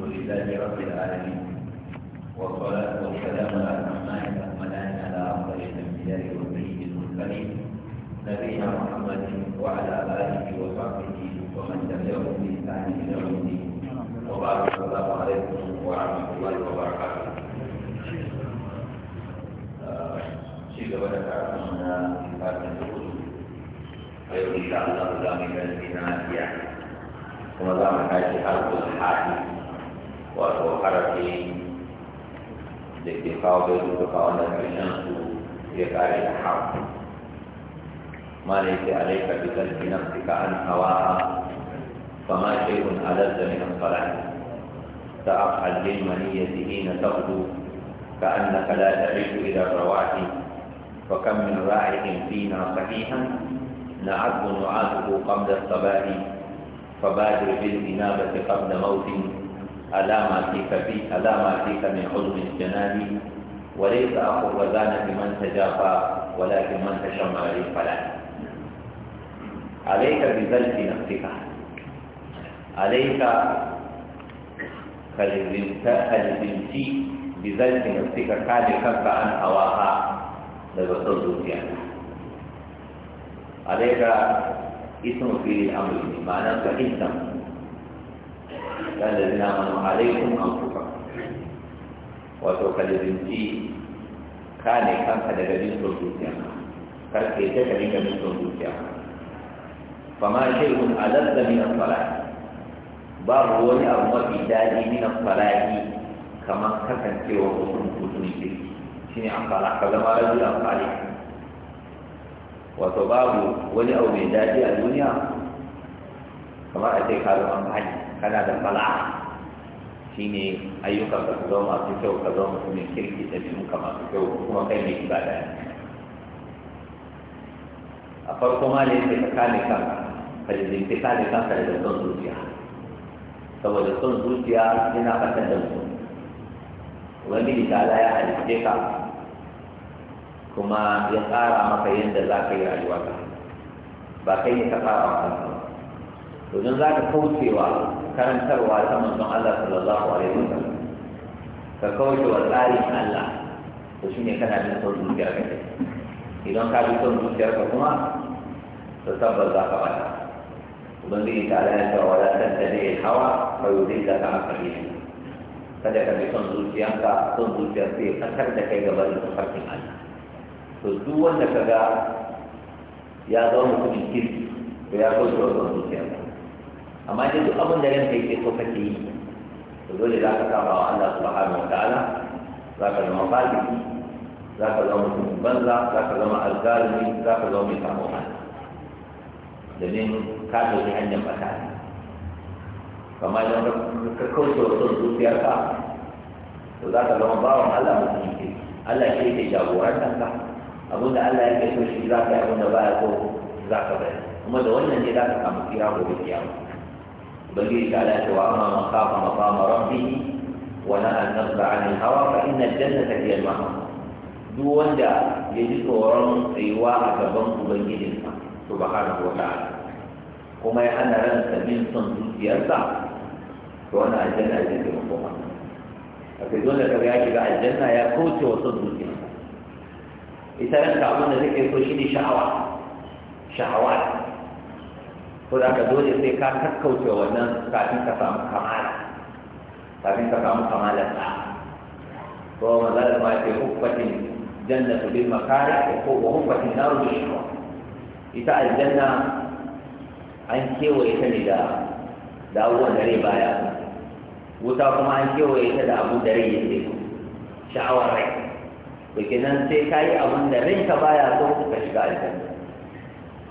الحمد لله رب العالمين والصلاة والسلام على الرحمن الرحمن على أفضل الأنبياء والسيد المرسلين نبينا محمد وعلى آله وصحبه ومن تبعهم بإحسان إلى يوم الدين وبارك السلام عليكم ورحمة الله وبركاته آه، شيخ بدأ تعلمنا في فاتن الأصول ويقول إن شاء الله لا مجال فينا يعني وما دام حاجة حرب الحاكم wato harafi da ke kawo da su duka wanda ƙarshen su ya ƙare da hawa ma فما شيء ألذ من الصلاة تأفعل للمنية حين تغدو كأنك لا تعيش إلى الرواحي وكم من رائح فينا صحيحا نعد نعاده قبل الصباح فبادر بالإنابة قبل موت على ما فيك من عظم الجنان وليس أخو الرزان بمن تجافى ولكن من تشمع للفلاح عليك بذلك نفسك عليك كالزمتي بذلك نفسك كالكب عن هواها لبطل زيادة عليك اسم في الأمر معناه فإنه ya lalina manu alaikun an kuka wato kalibinci ka ne kanka daga bin son zuciya karke ta ka rika bin son shi fama shay'un alazza min as-salat babu wani abu mafi daɗi min as-salati kamar kasancewa mutum mutumin shi ne asala ka zama rajul amfani wato babu wani abu mai daɗi a duniya kamar a ce ka zama hali kana da Shi ne ayyukan ka zo masu kyau ka zo mai kirki da jin ka masu kyau kuma kai mai ibada a farko ma da yake ka kame kan ka jizinci kame ka daga son zuciya saboda son zuciya yana fatan da mutum Wani da ala ya halitte ka kuma ya tsara maka yadda za ka yi rayuwa ba kai ne ka fara wa kanka domin za ka kaucewa karantarwa ta manzon Allah sallallahu alaihi wasallam ka kauce wa tsarin Allah to shine kana bin son zuciyar ka idan ka bi son zuciyar ka kuma to tabbas za ka bata ubangiji ta ala ya ce wala dai hawa fa yudillaka an sabilihi kada ka bi son ka son zuciya sai kasar da kai gaban da Allah to duk wanda ka ga ya zama mutumin kirki to ya kauce wa son zuciyanka amma dai duk abin da kai ke so kake yi to dole za ka saba wa Allah subhanahu wa ta'ala za ka zama fasiki za ka zama mutum banza za ka zama alzalimi za ka zama mai sabo domin ka dauki hanyar bata kamar idan ka kauce wa son zuciyarka to za ka zama bawan Allah mutum ke Allah ke yake jagorantar ka da Allah yake so shi za ka yi abin da baya so za ka bayar kuma da wannan ne za ka samu kira gobe kiyama ubangiji ta ala ta wa amma man kafa maqama rabbih wa na'a an-nafsa 'anil hawa fa inna al-jannata hiya al-ma'wa duk wanda ya ji tsoron tsayuwa a gaban ubangijinsa subhanahu wa ta'ala kuma ya hana ransa bin son zuciyarsa to wani aljanna ya zai makoma a kai dole ka ya aljanna ya kauce wa son ita abin da shi ne ko da ka dole sai ka kaskauce wannan kafin ka samu kamala kafin ka samu kamala ta ko ta ma ce janna su bi makari ko wa hukmatin naru bil shura ita aljanna an kewaye ta ne da da abubuwan dare baya wuta kuma an kewaye ta da abu dare yake sha'awar rai to kenan sai ka yi abun da rai ka baya so ka shiga aljanna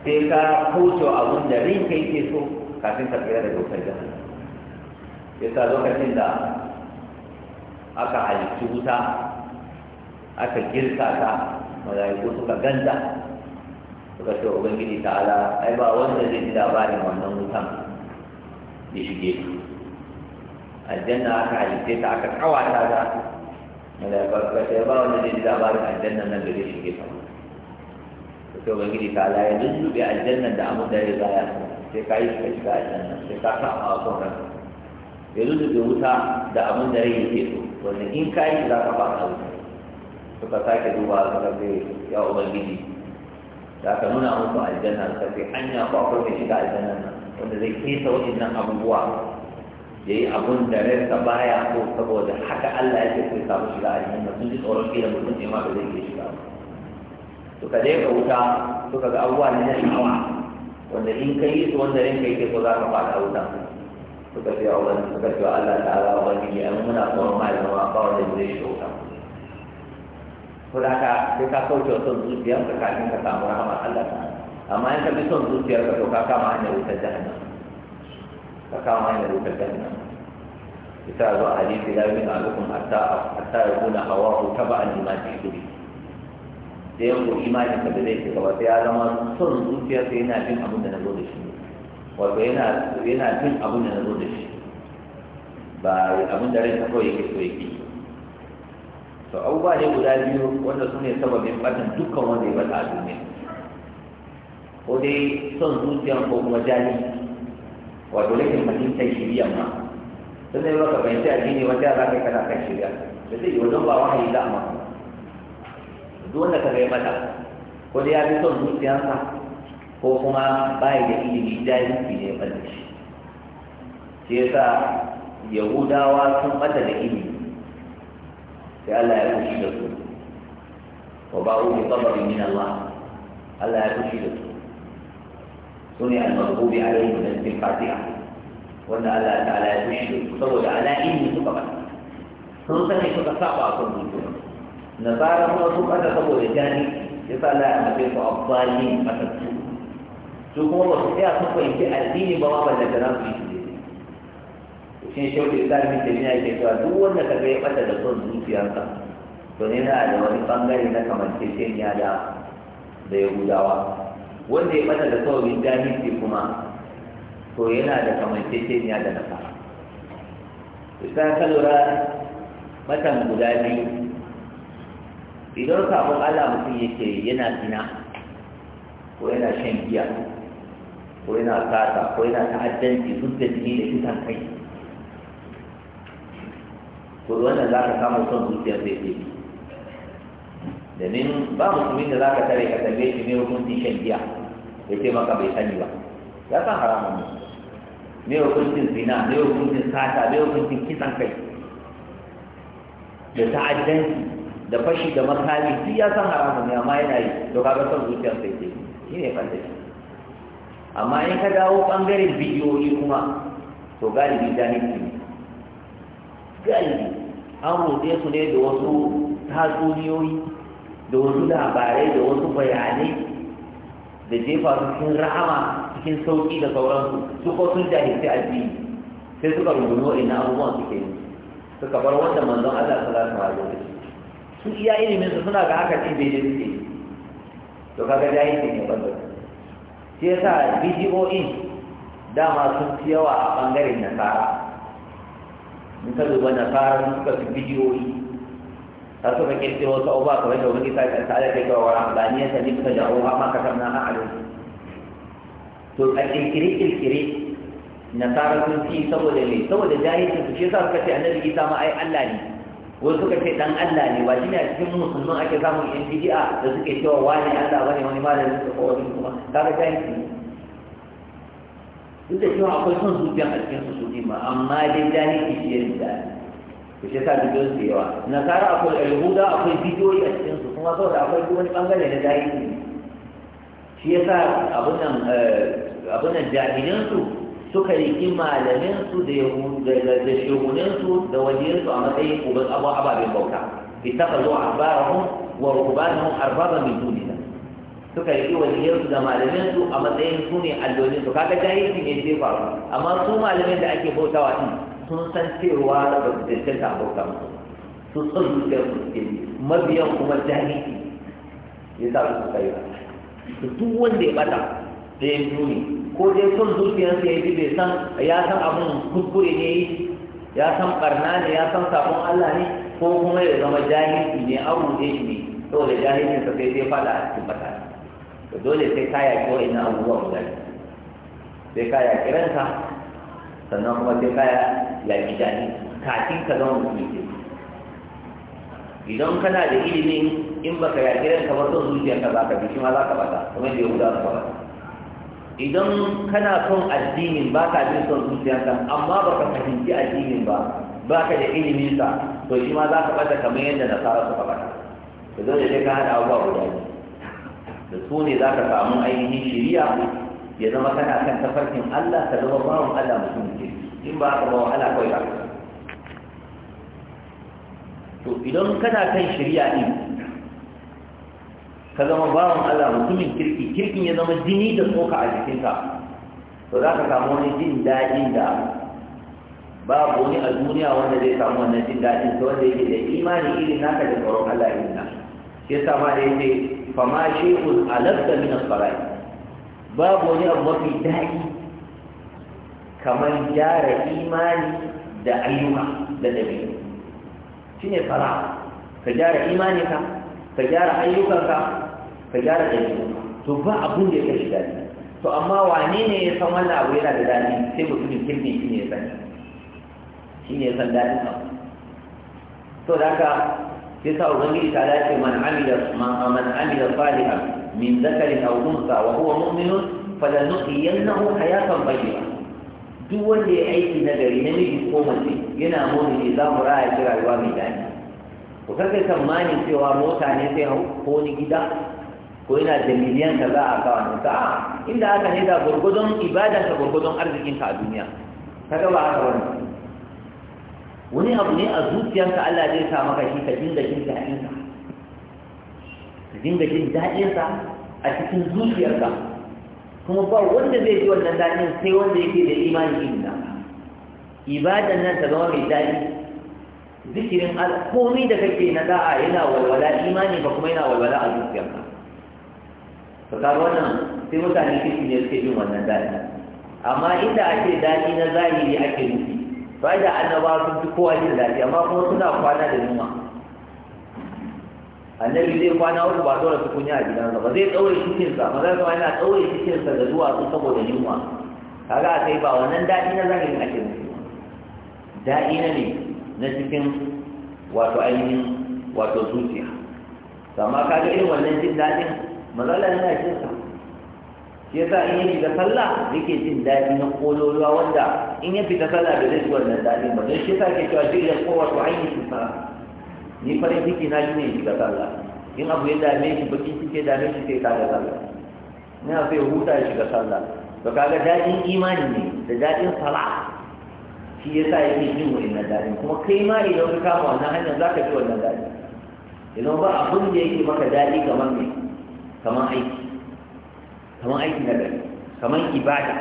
sai ka kauce abin da kai ke so kafin ka tsira daga wutar jihar sa lokacin da aka halittu wuta aka girka ta mala'iku suka ganta suka ce ubangiji ta'ala ai ba wanda zai ji labarin wannan wutan ya shige su aljanna aka halitte ta aka kawata ta mala'iku suka ce ba wanda zai ji labarin aljanna nan da zai shige ta sai ubangiji ta la ya bi aljanna da abin da ya sai kai shi ka shiga aljanna sai ka sa a wasan ran ya lullube wuta da abin da ya yake so wanda in kai shi za ka ba ka wuta ka sake duba ka ga ya ubangiji da ka nuna musu aljanna suka ce hanya ko akwai mai shiga aljanna wanda zai kesa nan abubuwa ya yi abun da ka baya ko saboda haka Allah ya ce sai samu shiga aljanna sun ji tsoron kila mutum ne ma ba zai iya shiga ba suka dai ka wuta suka ga abuwa ne na shawa wanda in ka yi su wanda ranka yake so za ka fada wuta suka ce wa suka ce Allah ta ala wa wani ya muna tsoron mai zama ba wanda zai shi wuta ko da ka sai ka kauce wa son zuciyar ka kafin ka samu rahama Allah ta amma in ka bi son zuciyar ka to ka kama hanyar wutar jahannam ka kama hanyar wutar jahannam zo a hadisi da yake ahadukum hatta hatta yakuna hawahu taba'an lima fi da ko imani ka da zai shiga ba sai ya zama son zuciya sai yana jin abin da na zo da shi wato yana yana jin abin da na zo da shi ba abin da rai ta kawai yake so yake to abubuwa ne guda biyu wanda su ne sababin batan dukkan wanda ya bata a duniya ko dai son zuciya ko kuma jani wato ta yi shirya ma sun ne baka ne wata wanda za ka yi kana kan shirya da zai yi wajen ba wahayi da amma duk ka bai mata ko da ya fi son zuciyarsa ko kuma bai da ilimi jahilci ne ya balle shi shi yasa yahudawa sun bata da ilimi sai Allah ya kushi da su wa ba'u bi qadarin min Allah Allah ya kushi da su sune al-maghdubi alaihim min al-fatiha wanda Allah ta'ala ya fushi saboda ala ilmi suka bata sun sani suka saba a kan zuciya nasara kuma su ɓata saboda jani ya sa la a mace su abbali matattu su kuma ba su tsaya sun fahimci addini ba wa balle da su yi shi shauke islami da yana ke cewa duk wanda ka ga ya ɓata da son zuciyarsa to ne na da wani bangare na kamanceceniya da da yahudawa wanda ya ɓata da saurin jahilci kuma to yana da kamanceceniya da nasara. Isa kalura matan guda biyu idan sabon Allah mutum yake yana zina ko yana shan giya ko yana sata ko yana ta'addanci duk da jini da kisan kai ko wannan za ka samu son zuciya zai zai domin ba musulmi da za ka tare ka tambaye shi ne hukuncin shan giya ya ce maka bai sani ba ya san haramun ne ne hukuncin zina ne hukuncin sata ne hukuncin kisan kai da ta'addanci da fashi da makami duk ya san haramun ne amma yana yi to kaga son zuciyar sai dai shi ne shi. amma in ka dawo bangaren bidiyoyi kuma to galibi jahilci ne galibi an roƙe su ne da wasu tatsuniyoyi da wasu labarai da wasu bayanai da jefa su cikin rahama cikin sauƙi da sauransu su ko sun jahilci addini sai suka rubuno ina abubuwan suke yi suka bar wanda manzon Allah sallallahu alaihi wasallam su iya ilimin su suna ga haka ce bai da suke to kaga jahilci ne wanda shi yasa bgoe dama sun fi yawa a bangaren nasara in ka duba nasara sun suka fi bidiyoyi ka e. suka kirkiro wasu abubuwa kamar da wani kisa ta ta'ala ta kawo wa rahabaniyar ta nifta da ruwa ma ka samna na alu to a kirkire kirkire nasara sun fi saboda ne saboda jahilci su shi yasa suka ce annabi isa ma ai Allah ne wai suka ce dan Allah ne ba shine a cikin musulman ake samun yan bid'a da suke cewa wani Allah bane wani malamin da kowa wani kuma kaga ta yi duk da cewa akwai son zuciya a cikin su sudi ma amma dai jahilci shi ya da ku shi sa bidiyon su yawa nasara akwai alhuda akwai bidiyoyi a cikin su kuma saboda akwai duk wani bangare na jahilci shi yasa abun nan eh, abun nan su. suka riƙi malaminsu da shuguninsu da wajirinsu a matsayin uban abu ababen bauta ittakhadhu ahbarahum wa rubbanahum arbaba min dunillah suka riƙi wajirinsu da malaminsu a matsayin su ne allolin su kaga jahilci ne zai faru amma su malamin da ake bautawa din sun san cewa ba su cancanta a bauta musu su san zuciyar su suke mabiyan kuma jahilci ya sa su suka yi duk wanda ya bata ɗayan biyu ne ko dai son zuciyarsa ya ji bai san ya san abin kuskure ne yi ya san barna ne ya san sabon Allah ne ko kuma ya zama jahilci ne abu ne shi ne saboda jahilcin sa sai zai fada a cikin bata to dole sai ka ina wa'annan abubuwa guda sai ka ya ranka sannan kuma sai ka yaƙi jahilci kafin ka zama musulmi idan kana da ilimin in baka ya ranka ba son zuciyarka za ka bi shi ma za ka bata kuma da yahuda za ka bata idan kana son addinin ba ka jin son zuciyarka amma ba ka fahimci addinin ba ba ka da ilimin sa to shi ma za ka bata kamar yadda nasara suka Ka zo da sai ka hada abubuwa guda ne da su ne za ka samu ainihin shiriya ya zama kana kan tafarkin Allah ka zama bawan Allah mutum ke in ba ka bawa Allah kawai ba to idan kana kan shiriya ne ka zama bawan Allah mutumin kirki kirkin ya zama jini da tsoka a jikinka to za ka samu wani jin daɗin da babu wani a duniya wanda zai samu wannan jin daɗin ta wanda yake da imani irin naka da tsoron Allah irin na shi yasa ma da yake fama shehun alabda min farai. babu wani abu mafi daɗi kamar gyara imani da ayyuka da shi ne fara ka gyara imaninka ka gyara ayyukanka ka gyara ɗabi'u to ba abun da ya kashi daɗi to amma wane ne ya san wannan abu yana da daɗi sai mutumin kirki shi ne ya san shi ne ya san daɗin abu to da haka sai sa ubangiji ta dace man amila man amila salihan min zakarin aw unsa wa huwa mu'minun falanuqiyannahu hayatan tayyibah duk wanda ya aiki na gari miji ko mace yana motsi ne za mu raya shi rayuwa mai daɗi ku karkai tsammanin cewa mota ne sai hau ko ni gida ko yana da miliyan ka za a kawo ne ka ah, inda aka ne da gurgudun ibada ta gurgudun arzikin ka a duniya ka ga ba haka wani wani abu ne a zuciyarka Allah zai sa maka shi ka dinga jin daɗin ka ka dinga jin daɗin ka a cikin zuciyarka kuma ba wanda zai ji wannan daɗin sai wanda yake da imani irin nan ibada nan ta zama mai daɗi zikirin komai da kake na da'a yana walwala imani ba kuma yana walwala a zuciyarka to ka wannan sai mutane kiki ne suke bin wannan daɗi amma inda ake daɗi na zahiri ake nufi ba da annaba sun fi kowa da daɗi amma kuma suna kwana da yunwa annabi zai kwana wasu ba dole su kunya a gidansa ba zai ɗaure cikinsa maza kuma yana ɗaure cikinsa da duwatsu saboda yunwa kaga a kai ba wannan daɗi na zahiri ake nufi daɗi na ne na cikin wato ainihin wato zuciya amma kaga irin wannan jin daɗin mazala yana jin sa shi yasa in ya fita sallah yake jin daɗi na kololuwa wanda in ya fita sallah da zai ji wannan daɗin ba don shi yasa ke cewa shi da kowace ainihin sa ni farin ciki na shi ne shiga sallah in abu ya dame shi bakin ciki dame shi sai ga sallah ina sai huta ya shiga sallah to kaga daɗin imani ne da daɗin sala shi yasa yake jin wannan daɗin kuma kai ma idan ka kama wannan hanyar za ka ji wannan daɗin idan ba abin da yake maka daɗi kamar ne kamar aiki kamar aiki na gari kamar ibada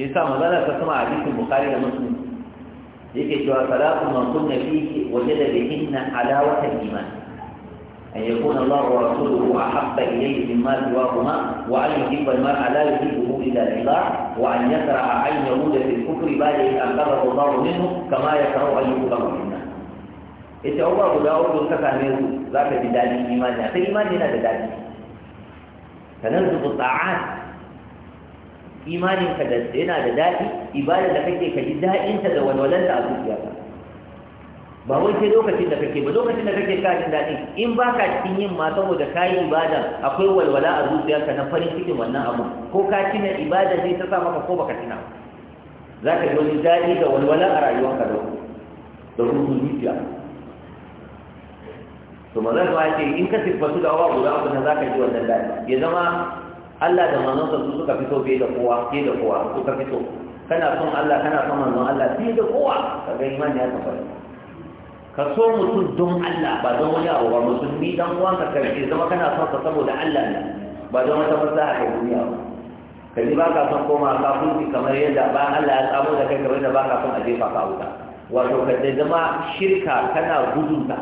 ya sa magana ta sama a cikin bukari da muslim yake cewa salatu man kunna da wajada bihinna alawatan iman an yakuna Allah wa rasuluhu ahabba ilayhi mimma siwahuma wa an yuhibba al-mar'a la yuhibbuhu illa lillah wa an yakraha an yamuda fil kufri ba'da an qabada Allah minhu kama ya yakrahu an yuqabba yace an ba guda uku ka same su za ka ji daɗi imani a sai imani yana da daɗi sanar su tsa'an imanin ka da yana da daɗi ibada da kake ka ji daɗin ta da ta a zuciyarka ba wai sai lokacin da kake ba lokacin da kake kajin daɗin in ba ka cikin yin ma saboda ka yi ibada akwai walwala a ka na farin cikin wannan abu ko ka cina ibada zai ta sa maka ko baka cina za ka ji wani daɗi da walwala a rayuwarka da ruhun zuciya to manzon ma ce in ka siffatu da awa guda uku nan zaka ji wannan dadi ya zama Allah da manzon su suka fito bai da kowa bai da kowa suka fito kana son Allah kana son manzon Allah bai da kowa kaga imani ya tabbata ka so mutum don Allah ba don wani abu ba musulmi dan uwan ka karshe zama kana son ka saboda Allah ne ba don wata fasaha ta duniya ba ka ji ba ka son koma ka kafin kamar yadda ba Allah ya tsamo da kai kamar yadda ba ka son a jefa ka wuta wato ka zama shirka kana gudunta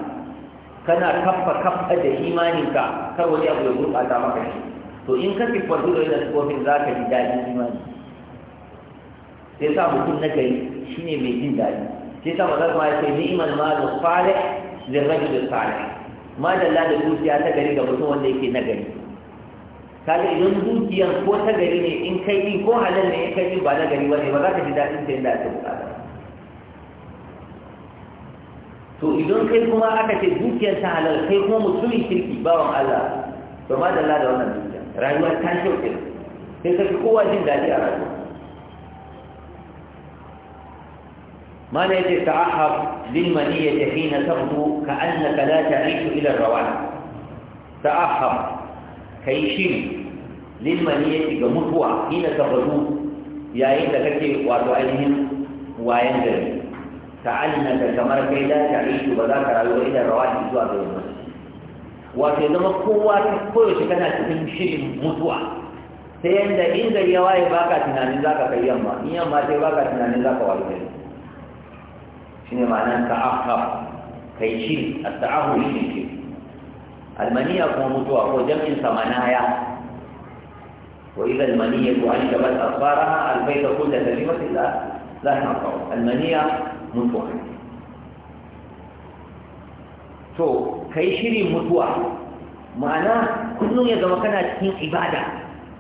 kana kaffa kaffa da imaninka kar wani abu ya gurɓata maka shi to in ka siffantu da wannan sifofin za ka ji daɗin imani sai sa mutum na gari shine mai jin daɗi sai sa mazar ma ya ce da fare zai rage da fare ma da lada dukiya ta gari ga mutum wanda yake na gari kaga idan dukiyan ko ta gari ne in kai ko halal ne in kai ba na gari ba ne ba za ka ji daɗin ta da ake bukata to idan kai kuma aka ce dukiyar ta halal kai kuma mutumin kirki bawan Allah to ma da da wannan dukiya Rayuwar ta kyauke sai ka kowa jin daɗi a rayuwa mana yace ta'ahab lil maniyyati hina tabdu ka annaka la ta'ishu ila rawan ta'ahab kai shi lil maniyyati ga mutuwa hina tabdu yayin da kake wato ainihin wayan gari كأنك تشمر كيدا تعيش وذاك رأيو إلى الرواج إزوى بيوم وفي ذلك قوة كل شكنا كان تكون شيء متوع سيئن ده إن ذا يواي باقا تناني ذاك في يما إيما تي باقا تناني ذاك وعيوه شنو معنى تعقب كي شيء التعهو شيء شيء المنية هو متوع هو جمع سمنايا وإذا المنية عجبت أصبارها البيت كل تجربة لا لا تنقو المنية mutuwa to kai shirin mutuwa ma'ana kullum ya zama kana cikin ibada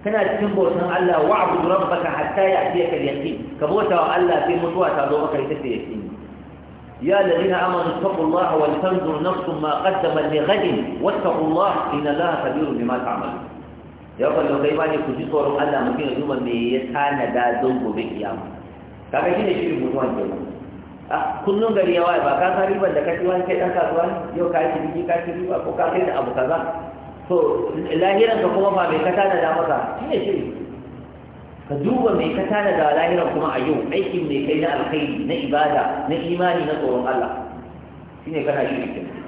kana cikin bautan Allah wa abudu rabbaka hatta ya'tiyaka al-yaqin ka bauta wa Allah sai mutuwa ta zo maka ita ce yaqin يا الذين امنوا اتقوا الله ولتنظر نفس ما قدمت لغد واتقوا الله ان الله خبير بما تعملون ya kwallo kai ba ne ku ji tsoron Allah mutum ya duba me ya tana da don gobe kiyama shirin mutuwan a ah, kullum gari ya waye ba ka sa ribar da kaci wani kai dan kasuwa yau ka ci biki ka ci riba ko ka kai da abu kaza to lahiran ka kuma ba mai ka tana da maka shine shi ka duba mai ka tana da lahiran kuma a yau aikin mai kai na alkhairi na ibada na imani na tsoron Allah shine kana shiri kenan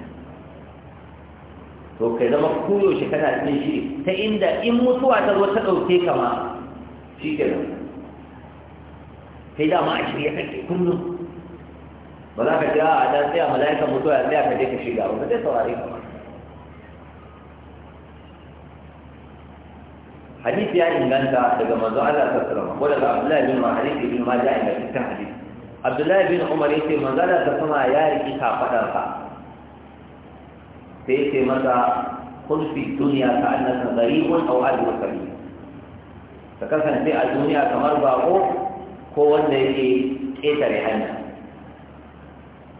to kai zama shi kana cikin shiri ta inda in mutuwa ta zo ta ɗauke ka ma shi kai sai dama a shirya kake kullum ba za ka ji a dan tsaya mala'ikan mutuwa ya tsaya ka je ka shiga ba zai saurare ka hadisi ya inganta daga manzo Allah sallallahu alaihi wasallam ko daga Abdullahi bin Umar hadisi bin Majah inganta cikin hadisi Abdullahi bin Umar yace manzo Allah sallallahu alaihi wasallam ya riki ka fadar sa sai yace masa kun fi dunya ka annaka gharibun aw adu sabil ka kasance a duniya kamar bako ko wanda yake ƙetare hanya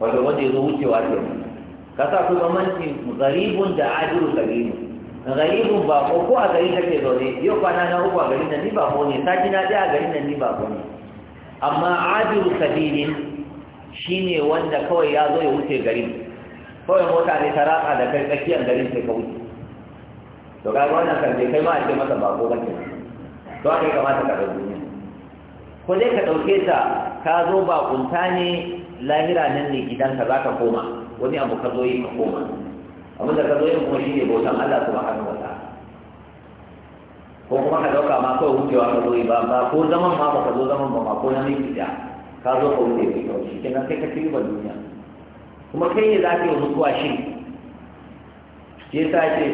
wato wanda ya zo wucewa ke ka sa ku bambanci garibun da ajiru garibu garibun ba ko ko a gari kake zaune yau kwana na uku a garin nan ni ba ko ne sati na ɗaya a garin nan ni ba ko ne amma ajiru sabilin shine wanda kawai ya zo ya wuce garin kawai mota ne ta ratsa da kai tsakiyar garin sai ka wuce to ka ga wannan kan kai ma a ce masa ba ko kake to a kai kamata ka ɗauki ko dai ka ɗauke ta ka zo ba kunta ne lahira nan ne gidanka za ka koma wani abu ka zo yi ka koma abin da ka zo yi kuma shi ne bautan Allah subhanahu wa ta'ala ko kuma ka dauka ma kawai wucewa ka zo yi ba ba ko zaman ma ba ka zo zaman ba ma ko na miki da ka zo ka wuce ka kawai shi kenan kai ka ci ba duniya kuma kai ne za ka yi mutuwa shi shi ta ce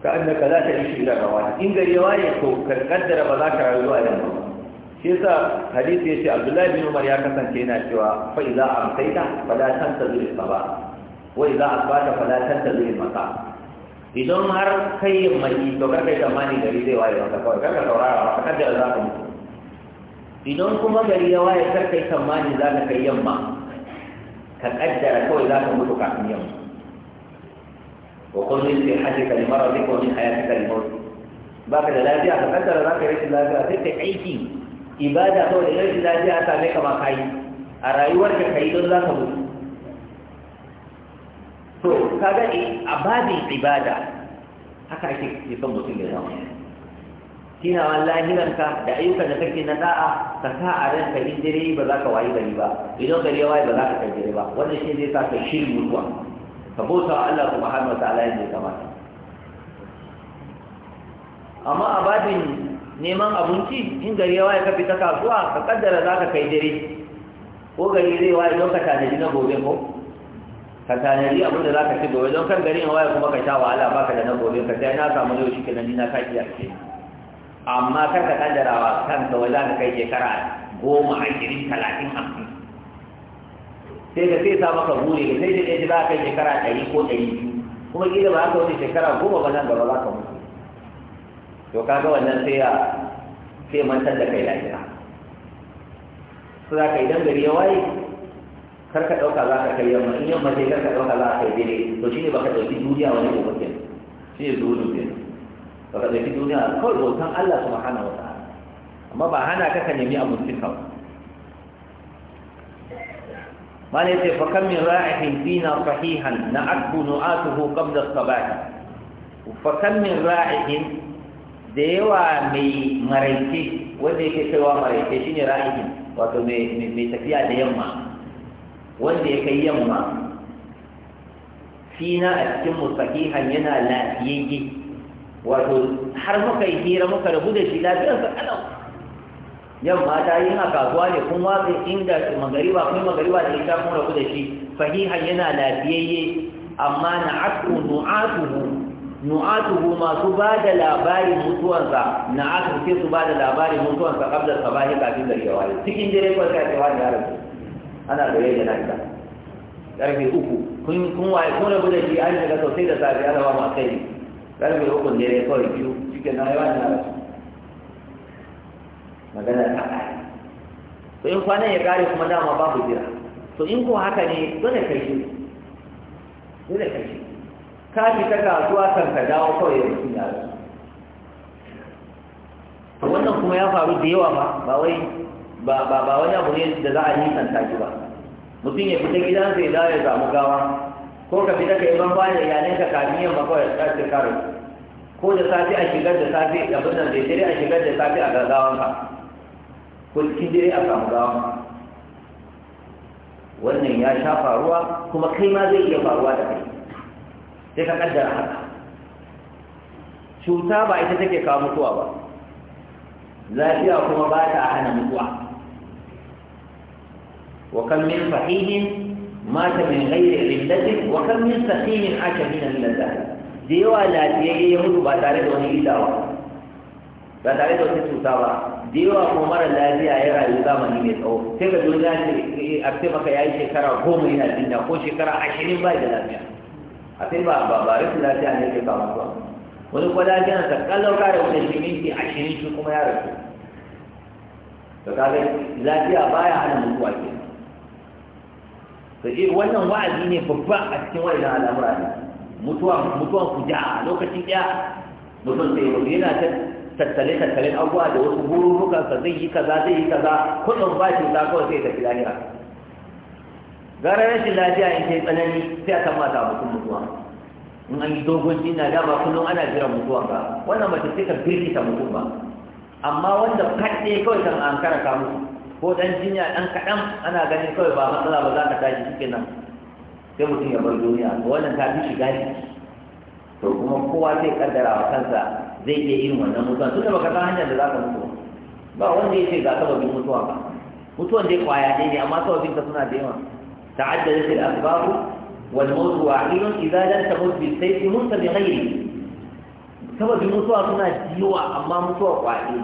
ka annaka za ta yi shi da gawa in gari ya waye to ka kaddara ba za ka rayu a yanzu ba shi yasa hadisi ce Abdullahi bin Umar ya kasance yana cewa fa idza amsayta fala tantazir sabah wa idza asbata fala tantazir maka, idan har kai mai to karka yi tsammani gari zai waye maka kawai kar ka saurara ba da za ka mutu idan kuma gari ya waye karka yi tsammani za ka kai yamma ka kaddara kawai za ka mutu kafin yamma وقل في حاجك لمرضك ومن حياتك لموتك baka da lafiya ka kaddara za ka rashin lafiya sai ka aiki ibada saboda idan shi lafiya ta same ka ma a rayuwar ka ka don za ka mutu to kaga eh, a babin ibada haka ake ke son mutum ya zama kina tunawan ka da ayyukan da kake na da'a ka sa a ranka in dare ba za ka wayi gari ba idan gari ya wayi ba za ka kai ba wannan shi zai sa ka shirin mutuwa ka bauta Allah subhanahu wa ta'ala yadda ya kamata amma a babin neman abinci in gari yawa ya kafi ta kasuwa ka kaddara za ka kai dare ko gari zai waye don ka tanadi na gobe ko ka tanadi abin da za ka ci gobe don kan gari in waye kuma ka sha wahala ba ka da na gobe ka sai na samu yau shi ke nan na kaki a ce amma kar ka kaddara wa ka wai za ka kai shekara goma ashirin talatin hamsin sai ka sai sa maka buri sai da ɗaya za ka kai shekara ɗari ko ɗari biyu kuma ƙila ba za ka wani shekara goma ba nan gaba za ka mutu to kaga wannan sai ya sai mantar da kai lafiya su za ka idan gari ya waye kar ka ɗauka za ka kai yamma in yamma sai kar ka ɗauka za ka kai dare to shine baka ɗauki duniya wani ko kake shi ne zuwa ke baka ɗauki duniya kawai bautan Allah subhanahu wa ta'ala amma ba hana ka ka nemi abincin kawai قال فكم من راعح فينا صحيحا نعته نعاته قبل الصباح فكم min ra’ihin da yawa mai maraice wanda yake kaiwa maraice shine ra'ayi wato mai tafiya da yamma wanda ya kai yamma fina a cikin musahihan yana lafiyayye wato har muka yi hira muka rabu da shi sa kalau yamma ta yi haka kasuwa ne kun watsa inda magariba kun magariba da ita kuma rabu da shi fahihan yana lafiyayye amma na aku nu'atuhu nu'atuhu masu ba da labarin mutuwansa na aka ce su ba da labarin mutuwansa kabla sabahi kafin da shawari cikin dare ko sai ta wani yaro ana gare da nan da karfe uku kun kun waye kun rabu da shi an daga sosai da safe da ba ma kai karfe uku dare ko biyu cikin na yawan yaro magana ta kai to in kwanan ya kare kuma dama babu jira to in ko haka ne dole kai shi dole kai shi kafi ta kasuwa kan ka dawo kawai da mutum ya rasu wannan kuma ya faru da yawa ba ba wai ba ba wani abu ne da za a yi kan taki ba mutum ya fita gidan sai da ya samu gawa ko ka fita ka yi ban bayan iyalin ka kafin yamma kawai ka ce karo ko da safe a shigar da safe abin nan da dare a shigar da safe a gaggawan ka ko cikin dare a samu gawa wannan ya sha faruwa kuma kai ma zai iya faruwa da kai sai ka kaddara haka cuta ba ita take kawo mutuwa ba lafiya kuma ba ta hana mutuwa wa kan min fahimin min ghairi da yawa lafiyayye ya mutu ba tare da wani ida ba ba tare da wata cuta ba da yawa kuma mara lafiya ya rayu zamani mai tsawo sai ka zo ya eh, maka ya yi shekara goma yana jinda ko shekara ashirin ba da lafiya a sai ba ba ba rashin lafiya ne ke kama zuwa wani kuma lafiyar ta kallon kare wani shi minti ashirin shi kuma ya rasu to kaga lafiya baya hana mutuwa ke to wannan wa'azi ne babba a cikin wannan al'amura ne mutuwa mutuwan kuja lokacin daya mutum sai mutum yana ta tattale tattale abubuwa da wasu bururukansa zai yi kaza zai yi kaza kullum ba shi ta kawai sai ta tafi lahira gara rashin lafiya in kai tsanani sai a san mata mutum mutuwa in an yi dogon jina dama kullum ana jiran mutuwa ba wannan mace sai ka birkita mutum ba amma wanda kaɗe kawai kan an kara musu ko dan jinya dan kaɗan ana ganin kawai ba matsala ba za ka tashi cikin nan sai mutum ya bar duniya to wannan ta fi shiga ne to kuma kowa zai kaddara wa kansa zai iya irin wannan mutuwa tunda baka san hanyar da za ka mutu ba wanda ya ce ga sababin mutuwa ba mutuwan dai kwaya dai ne amma sababin ka suna da yawa تعددت الاسباب والموت واحد إذا لم تموت بالسيف موت بغيره سواء بموت أصلا ديوة أما موت واحد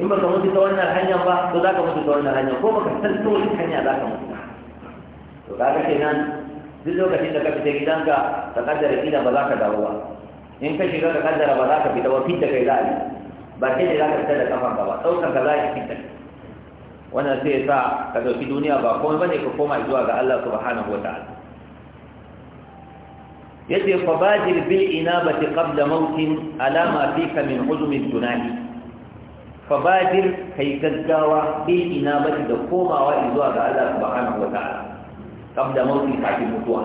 إما كموت تولنا الحنيا با وذا كموت تولنا الحنيا هو ما كسل تول الحنيا ذا كموت وذاك كنان ذلوك تندك في تجدان كا تقدر إلى بذاك دعوة إن كشيرا تقدر بذاك في توفيتك إلى بعدين إلى كتلة كفان بابا أو كفلاك في تجدان wannan sai sa ka dauki duniya ba komai bane ka koma zuwa ga Allah subhanahu wataala yace fabajir bil inabati qabla mautin alama fika min huzumid dunahi fabajir kai gaggawa bil inabati da komawa zuwa ga Allah subhanahu wataala qabla mautin kafin mutuwa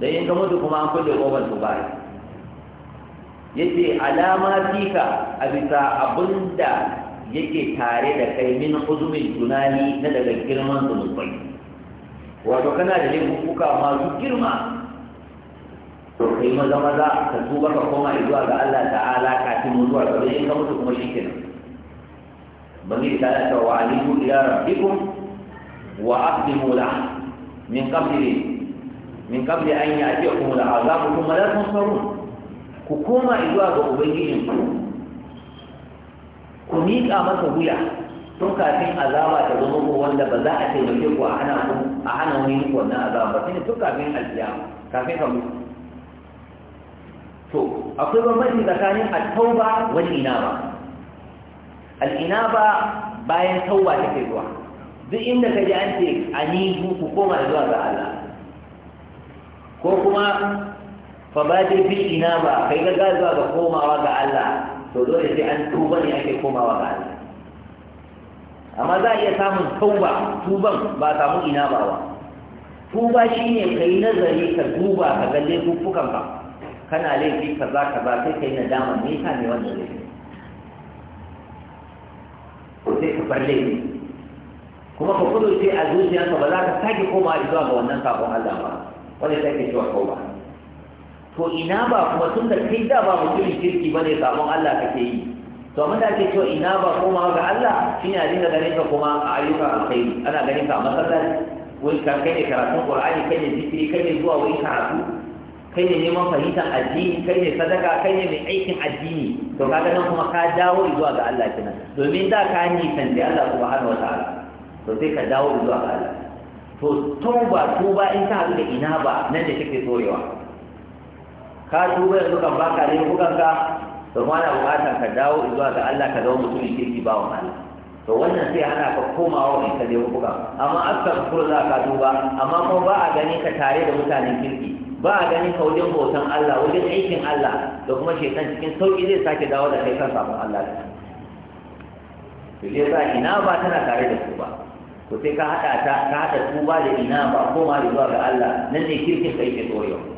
dan in ka mutu kuma an kulle goban su bai yace alama fika a bisa da. yake tare da kai min uzumin tunani na daga girman zunubai wato kana da laifuka masu girma to kai maza maza ka tuba ka koma zuwa ga Allah ta'ala kafin mutuwa ka zai ka mutu kuma shikenan bani da ta wa alihu ila rabbikum wa aqdimu la min qabli min qabli an ya'tiyakum al'azabu thumma la tunsarun ku koma zuwa ga ubangijinku ku miƙa masa wuya tun kafin azaba ta zama ku wanda ba za a taimake ku a hana ku a hana wani ku wannan azaba ba shine tun kafin alkiyama kafin ka mutu to akwai bambanci tsakanin at-tauba wal inaba al-inaba bayan tauba take zuwa duk inda ka ji an ce anibu ku koma zuwa ga Allah ko kuma fa ba bil inaba kai ga zuwa ga komawa ga Allah to dole sai an tuba ne ake komawa ga Allah amma za a iya samun tauba tuban ba samu ina ba wa tuba shine kai nazari ka duba ka ga laifukan ka kana laifi kaza kaza sai kai nadama me yasa ne wannan laifi ko sai ka bar laifi kuma ka kudu sai a zuciyarka ba za ka sake komawa zuwa ga wannan sakon Allah ba wanda take cewa tauba to ina ba kuma tun da kai da ba mutumin ba ne sabon Allah kake yi to amma da ke to ina ba koma ga Allah shine a dinga ganin ka kuma a ayyuka alkhairi ana ganin ka a masallaci wai ka kai ne karatun Qur'ani kai ne zikiri kai ne zuwa wani karatu kai ne neman fahimtar addini kai ne sadaka kai ne mai aikin addini to kaga nan kuma ka dawo zuwa ga Allah kenan domin da ka ni san da Allah subhanahu wataala to sai ka dawo zuwa ga Allah to tauba tuba in ka hadu da ina ba nan da kake soyewa ka tuba yanzu kan baka ne ko kanka to ma na bukatan ka dawo zuwa ga Allah ka zama mutumin kirki ba wa Allah to wannan sai ana ka komawa wani ka je kuka amma askar kur za ka duba amma kuma ba a gani ka tare da mutanen kirki ba a gani ka wajen hoton Allah wajen aikin Allah da kuma shekan cikin sauki zai sake dawo da kai kan sabon Allah da to sai sa ina ba tana tare da su ba to sai ka hada ta ka hada ba da ina ba koma da zuwa ga Allah nan ne kirkin kai ke tsorewa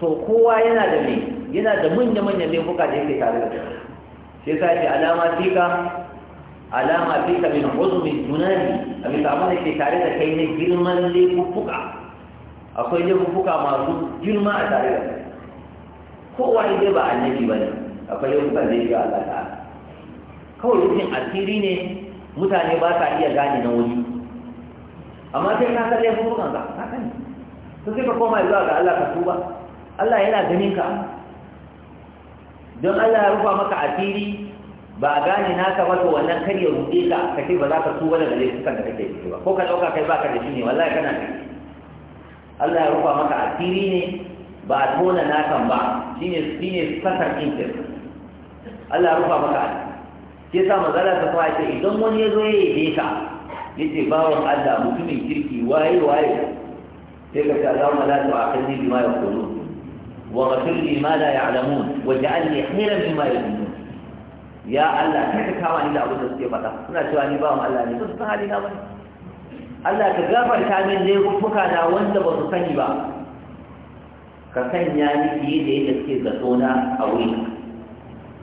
to kowa yana da ne yana da manya-manyan laifuka da yake tare da shi sai sa ce alama fika alama fika min uzmi junani a bisa abin da ke tare da kai na girman laifuka akwai laifuka masu girma a tare da kai kowa dai ba annabi ba ne akwai laifuka da yake Allah ta'ala kawai rufin asiri ne mutane ba sa iya gane na wani amma sai ka san laifukan ka ka sani sai ka koma zuwa ga Allah ka tuba Allah yana ganin ka don Allah ya rufa maka asiri ba a gane naka wato wannan kar ya rufe ka ka ce ba za ka tuba daga laifukan da kake yi ba ko ka ɗauka kai ba ka da shi ne wallahi kana da Allah ya rufa maka asiri ne ba a tona nakan ba shine shine sakar intin Allah ya rufa maka asiri sai sa mazala ta fara ce idan wani ya zo ya yi ka yace bawon Allah mutumin kirki waye waye sai ka ce Allahumma la tu'akhidni bima yaqulun وغفر لي ما لا يعلمون واجعلني خيرا مما يظنون يا الله كيف كاواني لا أبدا سيبتا هنا شواني باهم الله أني تصبح لي لا بني Allah ka gafarta min laifuka na wanda ba su sani ba ka sanya ni fiye da yadda suke da sona a wuri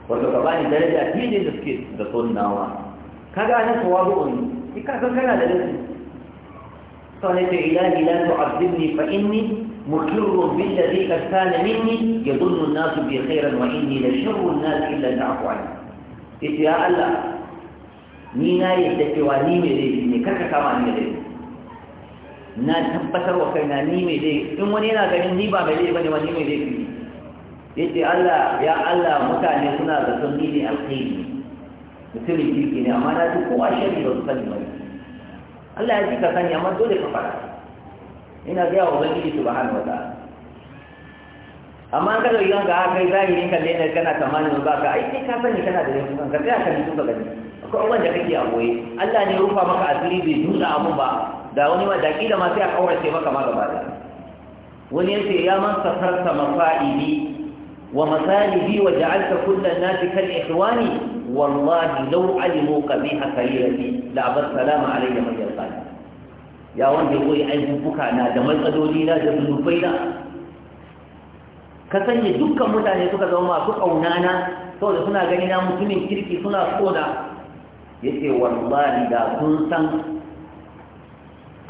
wato ka bani daraja fiye da yadda suke da nawa ka ga nan tawabu ne ni ka san kana da laifi to ne ta ilahi la tu'azzibni fa inni مكر بالذي قد مني يظن الناس بي خيرا وإني لشر الناس إلا العفو عنه إذ يا الله نينا يدك واني مي كركا كما ني لي na tabbatar wa na ni mai dai in wani yana ganin ni ba mai dai bane wani mai dai ne ce Allah ya Allah mutane suna da sunni ne alkhairi mutumin kirki ne amma na kowa da su sani Allah ya ji ka amma dole ka fara ina gaya wa ubangiji subhanahu wataala amma an kada ga ka kai zahirin kan ne kana tamanin ba ka aiki ka sani kana da laifin ka tsaya ka nisu ka gani akwai abubuwan da kake a goye Allah ne rufa maka asiri bai nuna abun ba da wani ma da kila ma sai maka ma gaba da wani ya ce ya man safarta mafa'ili wa masalihi wa ja'alta kullan nasi kal ikhwani wallahi law alimu qabiha sayyati la abar salama alayya ya wanda koyi aibubuka na da matsaloli na da zunubai na ka sanya dukkan mutane suka zama masu ƙauna na saboda suna gani na mutumin kirki suna tsona ya ce wallahi da kun san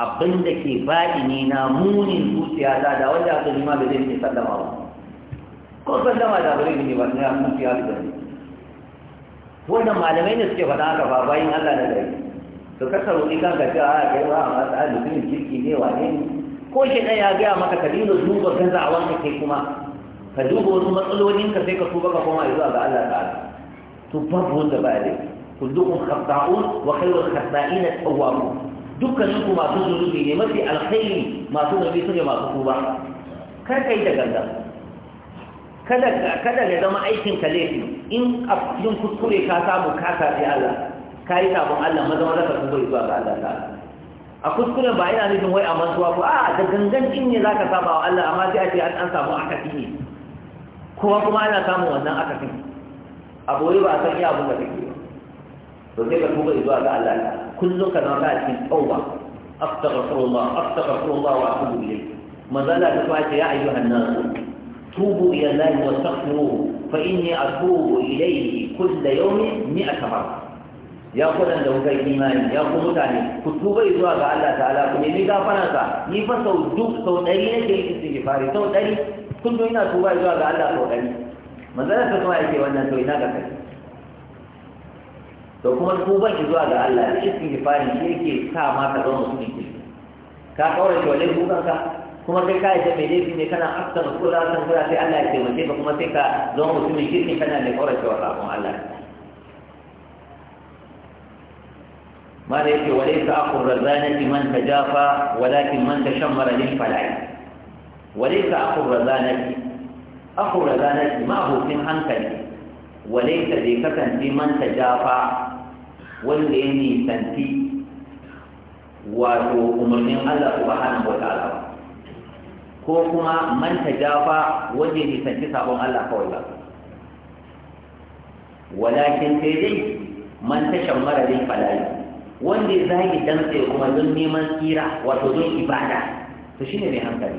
abin da ke baɗi ne na munin zuciya ta da wanda aka nima da zai ne sallama ba ko sallama da bari ne ba na zuciya da zai wannan malamai ne suke faɗa haka ba bayan allah da gari to ka roƙi kanka cewa a ah, kai ba a masu hali mutumin kirki ne wa ne ko shi ɗaya ya gaya maka ka dina duba gazawanka kai kuma ka duba wasu matsalolin ka sai ka tuba ka koma zuwa ga Allah ta'ala to babu wanda ba da kullukum khata'un wa khayrul khata'ina tawwabun dukkanin ku masu zunubi ne mafi alkhairi masu zunubi su ne masu tuba kar kai da ganda kada kada ya zama aikin ka laifi in a cikin kuskure ka samu ka tafi Allah ka yi sabon Allah maza maza ka tuba zuwa ga Allah ta'ala a kuskuren ba ina nufin wai a mantuwa ko a da gangan in za ka saba wa Allah amma sai a ce an samu akasi ne kuma kuma ana samun wannan akasin a boye ba a san iya abin da kake ba to sai ka tuba zuwa ga Allah ta'ala kullum ka zama a cikin tauba astaghfirullah astaghfirullah wa atubu ilayh manzala ta kwace ya ayyuhan nas tubu ila Allah wa astaghfiruhu fa inni atubu ilayhi kull yawmin 100 marra ya kudan da kuka imani ya ku mutane ku tuba zuwa ga Allah ta'ala ku nemi gafaransa ni fa sau duk sau ɗari ke yi fari sau ɗari do ina tuba zuwa ga Allah sau ɗari manzalar ta kuma yake wannan to ina ga kai to kuma tuban zuwa ga Allah da fari shi yake sa ma ka zama mutumin kirki ka kaura ki walai ka kuma sai ka yi mai laifi ne kana aksan kula san kula sai Allah ya taimake ka kuma sai ka zama mutumin kirki kana ne kaura shi wa Allah ما ليس وليس أخو الرزانة من تجافى ولكن من تشمر للفلع وليس أخو الرزانة أخو الرزانة ما هو سن أنكلي وليس ديكة في من تجافى والذي سنتي wato umarnin Allah subhanahu wataala ko kuma man tajafa wanda ya nisanci sabon Allah kawai ba walakin sai dai man tashammara dai wanda ya zagi dantse kuma don neman tsira wato don ibada to shine mai hankali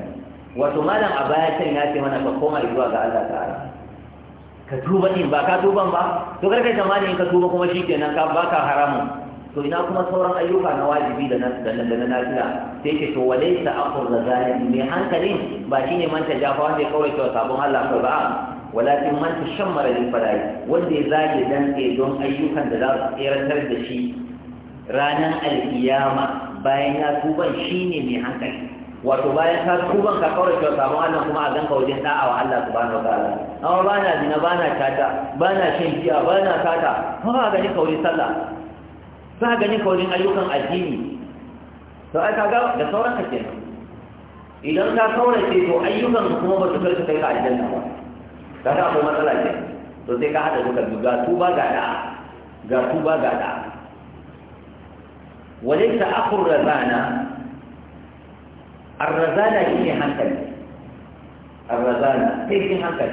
wato malam a baya can ya ce mana ka koma zuwa ga Allah ta'ala ka tuba din ba ka tuban ba to kar zamani in ka tuba kuma shikenan ka baka haramun to ina kuma sauran ayyuka na wajibi da na da na nafila sai ke to walaysa da zalim mai hankalin ba shine man jafa wanda ya kaurace wa sabon Allah ko ba walakin man tashammara lil fara'i wanda ya zage dan don ayyukan da za su tsirantar da shi ranar alkiyama bayan ya tuban shine mai hankali wato bayan ka tuban ka kawar da sabon wannan kuma a ganka wajen da'a wa Allah subhanahu wataala amma bana zina bana tata bana shan giya bana sata kuma gani ni kauri sallah ka gani ni kaurin ayyukan addini to ai ga da sauran ka kenan idan ka kaurace to ayyukan kuma ba su karka kai ka aljanna ba Ka ga akwai matsala ce to sai ka hada duka ga tuba ga da'a ga tuba ga da'a وليس أخو الرزانة الرزانة هي هنكل الرزانة هي هنكل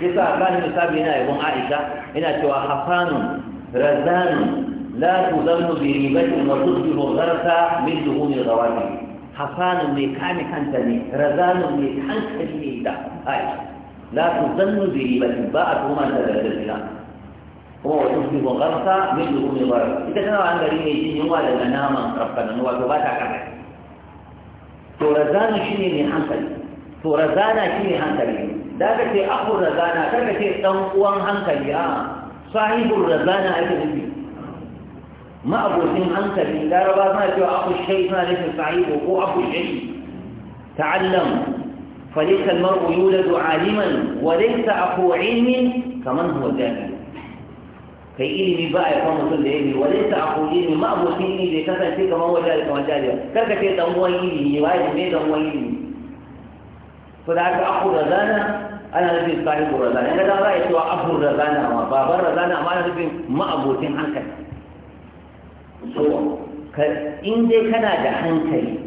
يسا كان يسابينا يبون عائشة هنا توا حصان رزان لا تظن بريبة وتصبح الغرسة من دهون الغوامل حصان ميكان كنتني رزان ميكان كنتني عائشة لا تظن بريبة باءت هما تدرسنا kuma wa tufi ko karsa min duhu ne ba ita tana an gari ne jin yunwa daga naman rafkanan wato ba ta kama to razana shine mai hankali to razana ne hankali da aka ce akhur razana kada ce dan uwan hankali a sahibur razana ake nufi ma abokin hankali laraba suna cewa abu shai suna nufin sahibu ko abu shai ta'allam فليس المرء يولد عالما وليس أخو علم كمن هو جاهل kai ilimi ba a yi kan mutum da ilimi wani ta aku ilimi ma abokin ilimi bai kasance kamar wajen da kamar jari kar Karka ce dan uwan ilimi ne waye ne dan uwan ilimi to da aka abu da zana ana nufin ko razana yana da za a yi cewa abu razana ma baban razana ma ana nufin ma abokin hankali so in dai kana da hankali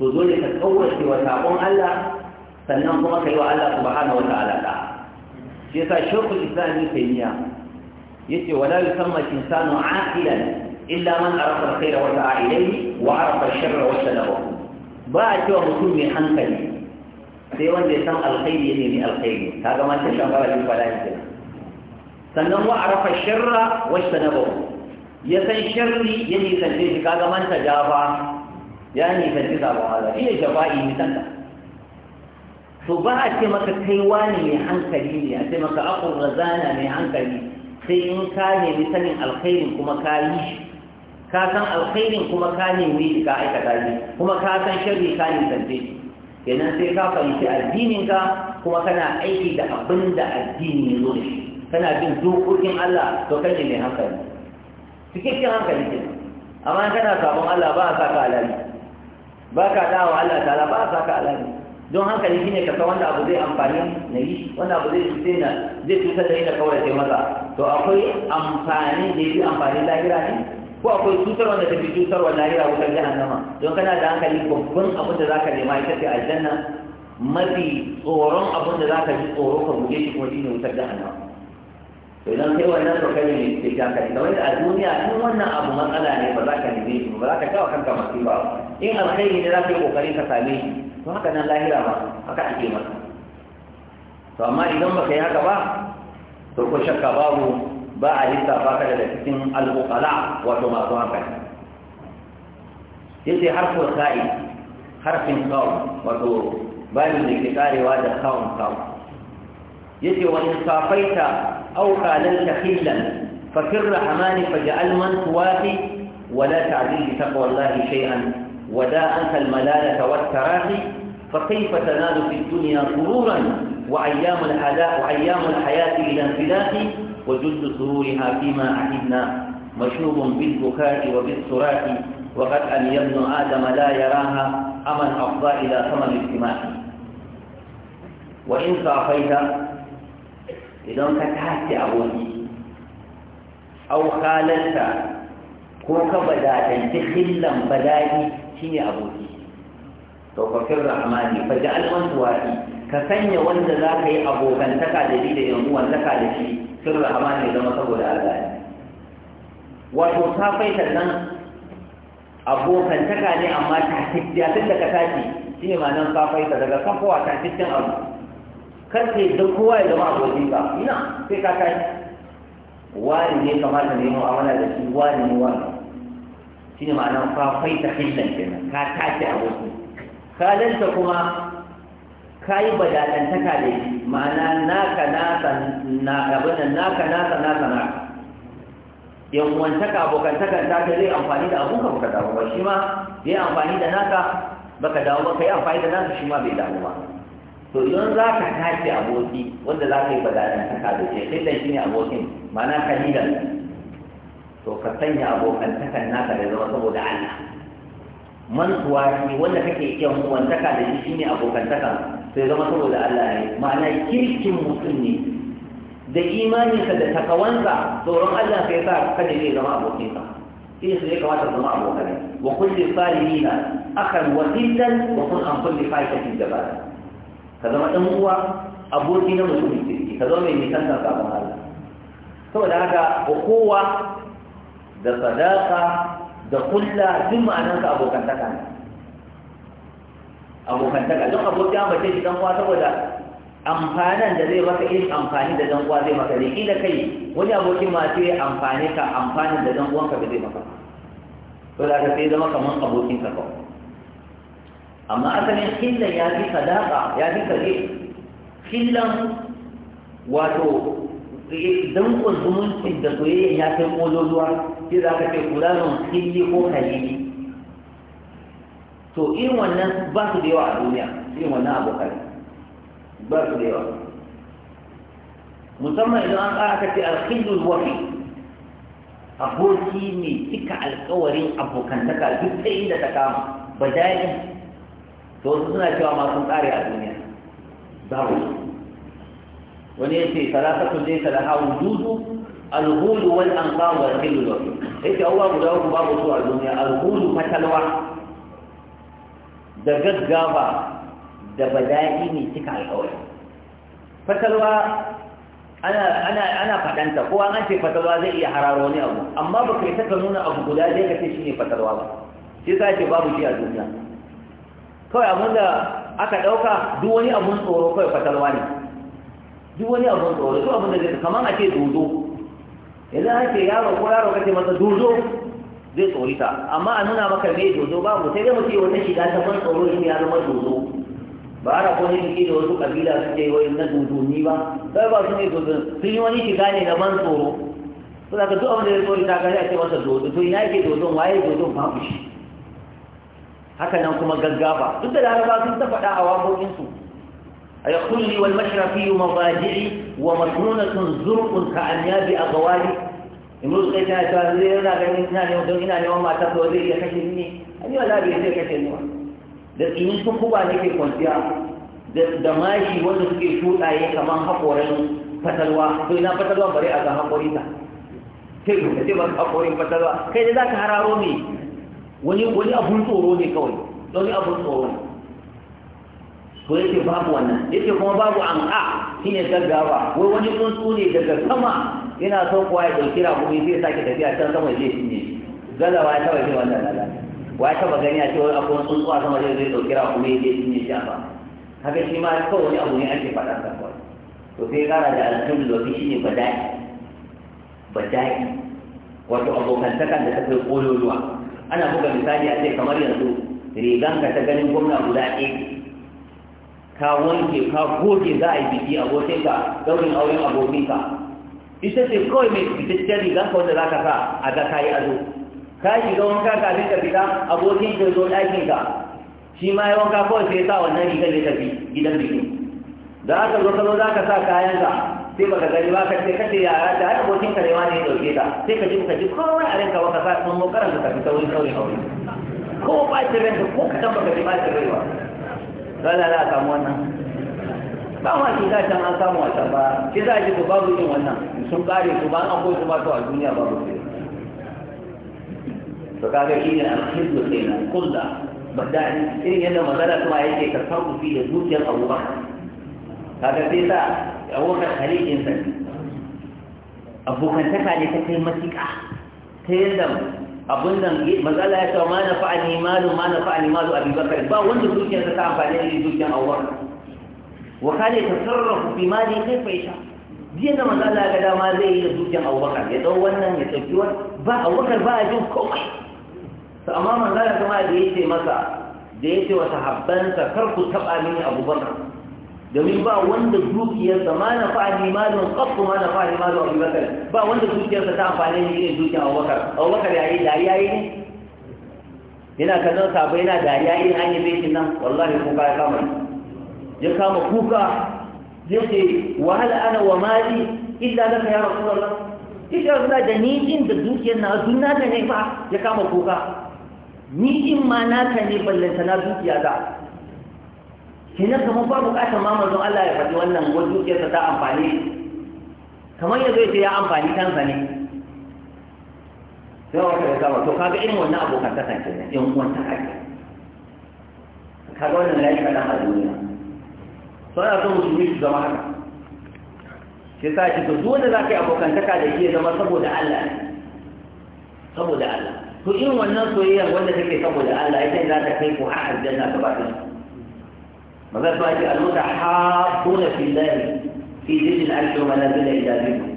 to dole ka kaurace wa sabon Allah sannan kuma ka yi wa Allah subhanahu wa ta'ala da shi yasa shekul islam ibn taymiya yace wala yusamma insanu aqilan illa man arafa alkhaira wa da'a ilayhi wa arafa alsharra wa talabahu ba a cewa mutum mai hankali sai wanda ya san alkhairi ne nemi alkhairi kaga ma ta shafa rayuwar bala'i yake. sannan wa arafa sharra wa talabahu ya san sharri ya nisance shi kaga man ta jafa ya nisanci sabon Allah shi ne shafa'i nisanta to ba a ce maka kai wani mai hankali ne a ce maka akwai razana mai hankali sai in ka nemi sanin alkhairin kuma ka yi shi ka san alkhairin kuma ka nemi shi ka aikata shi kuma ka san sharri ka nisance shi kenan sai ka fahimci addininka kuma kana aiki da abin da addini ya zo da shi kana bin dokokin Allah to kan ne mai hankali cikakken hankali ke amma kana sabon Allah ba sa ka alali ba ka dawo Allah ta'ala ba sa ka alali don hankali shine ka san wanda abu zai amfani na yi wanda abu zai cuce zai cutar da ina kawai sai maza to akwai amfani da yi amfani lahira ne ko akwai cutar wanda tafi cutar wa lahira wutar nama don kana da hankali babban abin da zaka nema ita ce aljanna mafi tsoron abin da zaka ji tsoro ka guje shi kuma ne wutar nama to idan kai wannan to kai ne ke ka kai kamar a duniya tun wannan abu matsala ne ba za ka nime shi ba za ka kawo kanka masu ba in alkhairi ne za ka yi kokarin ka same shi to haka nan lahira ba haka ake masa to amma idan baka yi haka ba to ko shakka babu ba a lissafa ka daga cikin al'ukala wato masu hankali yace harfin sa'i harfin kawun wato bayan da ke karewa da kawun kawun yace wani safaita aukalan shahillan fakir rahamani faja'al man tuwafi ولا تعديل بتقوى الله شيئا ودا أنت الملالة والتراخي فكيف تنال في الدنيا غرورا وأيام الحياة وأيام الحياة إلى انفلاح وجلد سرورها فيما عهدنا مشوب بالبكاء وبالصراخ وقد أن يبن آدم لا يراها أما أفضى إلى ثمن الاجتماع وإن صافيت إذا كتحت أبوكي أو خاللت كوك بداتا تخلا بدائي في أبوكي توقف الرحمن فجعل من توائي ka sanya wanda za ka yi abokantaka da shi da yan uwantaka da shi sun rahama ne zama saboda Allah ne wato ta faita nan abokantaka ne amma ta tafiya tun da ka tashi shi ne ma nan ta faita daga kan kowa ta cikin abu kar ka yi kowa ya zama abokin ka ina sai ka tashi wani ne kamata ne amana da shi wani ne wani shi ne ma'anar fafaita hillan kenan ka tashi abokin ka lanta kuma ka yi badatantaka da ma'ana naka nasa na abin naka nasa nasa naka yan uwantaka abokantakan ta zai amfani da abun ka baka dawo ba shi ma zai amfani da naka baka dawo ba ka yi amfani da naka shi ma bai dawo ba to idan za ka tashi aboki wanda za ka yi badatantaka da shi sai da shi ne abokin ma'ana ka yi da to ka sanya abokantakan naka da zama saboda Allah mantuwa shi wanda kake yan uwantaka da shi shine abokantakan sai zama saboda Allah ne ma'ana kirkin mutum ne da imaninsa da takawansa tsoron Allah sai sa kada zai zama abokinsa sai su ya kamata zama abokanai wa kulli salihina akan wasilan wa kun an kulli fahishatin jabara ka zama dan uwa aboki na mutumin kirki ka zama mai nisan sabon Allah saboda haka kowa da sadaka da kulla duk ma'anarsa abokantaka ne abokantaka don abokin ambace shi dan uwa saboda amfanin da zai maka irin amfani da dan uwa zai maka ne kila kai wani abokin ma sai amfani ka amfanin da dan uwanka zai maka to da ka sai zama kaman abokin ka amma asalin hillan ya fi sadaka ya fi kaje hillan wato eh, dankon zumuncin da soyayya ya kai kololuwa sai za ka ce kulalun hilli ko halili to irin wannan ba su da yawa a duniya irin wannan abokai ba su da yawa musamman idan an ƙara kace alkhidul wafi aboki ne cika alkawarin abokantaka duk ta inda ta kama ba daɗi to wasu suna cewa masu tsari a duniya babu wani ya ce salasatun dai salaha wujudu alhulu wal anqa wal khidul wafi yake abubuwa guda uku babu su a duniya alhudu fatalwa da gaggawa da bada'i ne cika alƙawari fatalwa ana ana ana fadanta kowa an ce fatalwa zai iya hararo ne abu amma ba kai taka nuna abu guda zai ka ce ne fatalwa ba shi ka ce babu shi a duniya kawai abin da aka ɗauka duk wani abun tsoro kawai fatalwa ne duk wani abun tsoro duk abun da zai kamar a ce dodo an ake yaro ko yaro kace masa dodo zai tsorita amma a nuna maka mai ba babu sai dai mutum wata shiga ta ban tsoro shi ya zama dozo ba ana ko ne suke da wasu kabila suke yi wani na dodonni ba sai ba su ne dozo sun yi wani shiga ne na ban tsoro da ka zo abin da ya ta ga sai a ce masa dozo to ina yake dodon waye dodon babu shi haka nan kuma gaggafa duk da laraba sun ta faɗa a wakokinsu a ya kulli wal mashrafi mabaji'i wa masnunatun zurqun ka anyabi a gawari imru kai yana zai yana ganin ina ne don ina neman mata ko zai iya kashe ni ne an yi wala bai zai kashe da tsinin sun kuba ne kwanciya da mashi wanda suke shuɗaye kamar haƙoran fatalwa to ina fatalwa bare a ga haƙori ta sai ka ce ba haƙorin fatalwa kai da za ka hararo ne wani abun tsoro ne kawai wani abun tsoro ne to yake babu wannan kuma babu gaggawa wani ne daga sama Ina son kuwa ya ɗauki rakumi zai sake tafiya can sama zai shi ne wa ya taɓa ce wannan lala wa ya taɓa gani a ce wani sun tsuwa sama zai zai ɗauki rakumi zai shi ne shi a ba haka shi ma kawai wani abu ne ake faɗa sa kawai to sai kara da alhamdu wasu shi ne ba daɗi wato abokantakan da ta kai ƙololuwa ana buga misali a ce kamar yanzu riganka ta ganin gwamna guda ɗaya ka wanke ka goge za a yi biki abokinka ɗaurin auren abokinka ita ce kawai mai fitaccen riga ko da za ka sa a ga kayi azo ka shiga wanka kafin fita abokin ka zo ɗakin ka shi ma ya wanka kawai sai sa wannan rigar ya tafi gidan bikin da aka zo kano za ka sa kayan ka sai baka gani ba ka ce kace yara ta har abokin ka ne ma ne ya ta sai ka ji ka ji kawai a ranka baka sa sun mokaran ka tafi sauri sauri sauri ko ba ta ranka ko ka dan baka ji ba ta rayuwa ba. za a samu wannan ba ma shi a can an samu a ba ke za a ji ku babu yin wannan sun kare su ba an koyi su ba su a duniya babu su to kaga shi ne alhibu kenan kulla badda irin yadda magana kuma yake ka fi da zuciyar abubakar kaga sai sa abubakar halittin sa abokantaka ne ta kai matuƙa ta yadda abun nan matsala ya cewa ma na fa'ani malu ma na fa'ani malu abubakar ba wanda dukiyar ta amfani da zuciyar abubakar وكان يتصرف في kai كيف يشاء jiya da manzo Allah ga dama zai yi da dukiyar Abubakar ya dau wannan ya tafi wannan ba Abubakar ba a jin komai to amma manzo Allah kuma da yace masa da yace wa sahabbansa kar ku taba mini Abubakar domin ba wanda dukiyar da ma na fa'ali malun qattu ma na fa'ali malun Abubakar ba wanda dukiyar ta amfane ni irin dukiyar Abubakar Abubakar yayi da yayi ne Ina kallon sabai yana dariya irin an yi baitin nan wallahi ko ka kama ya kama kuka ya ce wahala ana wa mali illa laka ya rasulullah ita Allah da ni da dukiyar na dunna da ne fa ya kama kuka ni ma naka ne ballanta na dukiya da kina kamar ba bukatar ma manzon Allah ya faɗi wannan wa dukiyar ta amfani kamar yanzu ya ce ya amfani kansa ne sai wata ya kama to kaga irin wannan abokan kasance ne in uwan ta kake kaga wannan lafiya na a duniya suna son musulmi su zama haka shi sa shi duk wanda za ka yi abokantaka da ke zama saboda Allah ne saboda Allah to irin wannan soyayyar wanda take saboda Allah ita za ta kai ku har aljanna ta ba ta maza ba ki almuta habuna fillahi fi dinin arshi wa manazila ila bikum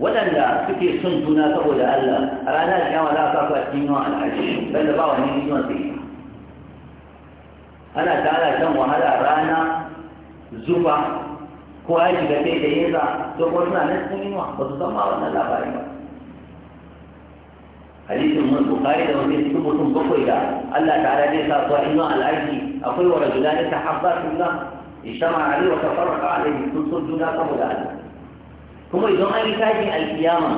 waɗanda suke son juna saboda Allah a ranar kiyama za ka fa cikin yawan alhaji wanda ba wani yawan sai ana tara shan wahala rana zuba ko ya shiga sai da yinsa to ko suna nan sun yunwa ba su san ma wannan labarin ba hadisin mun bukari da wani cikin mutum bakwai da Allah ta'ala zai sa su a inuwa al'arki akwai wa rajulani ta habba sunna ishtama ali wa tafarraqa alayhi sun so juna saboda Allah kuma idan an yi tashin alkiyama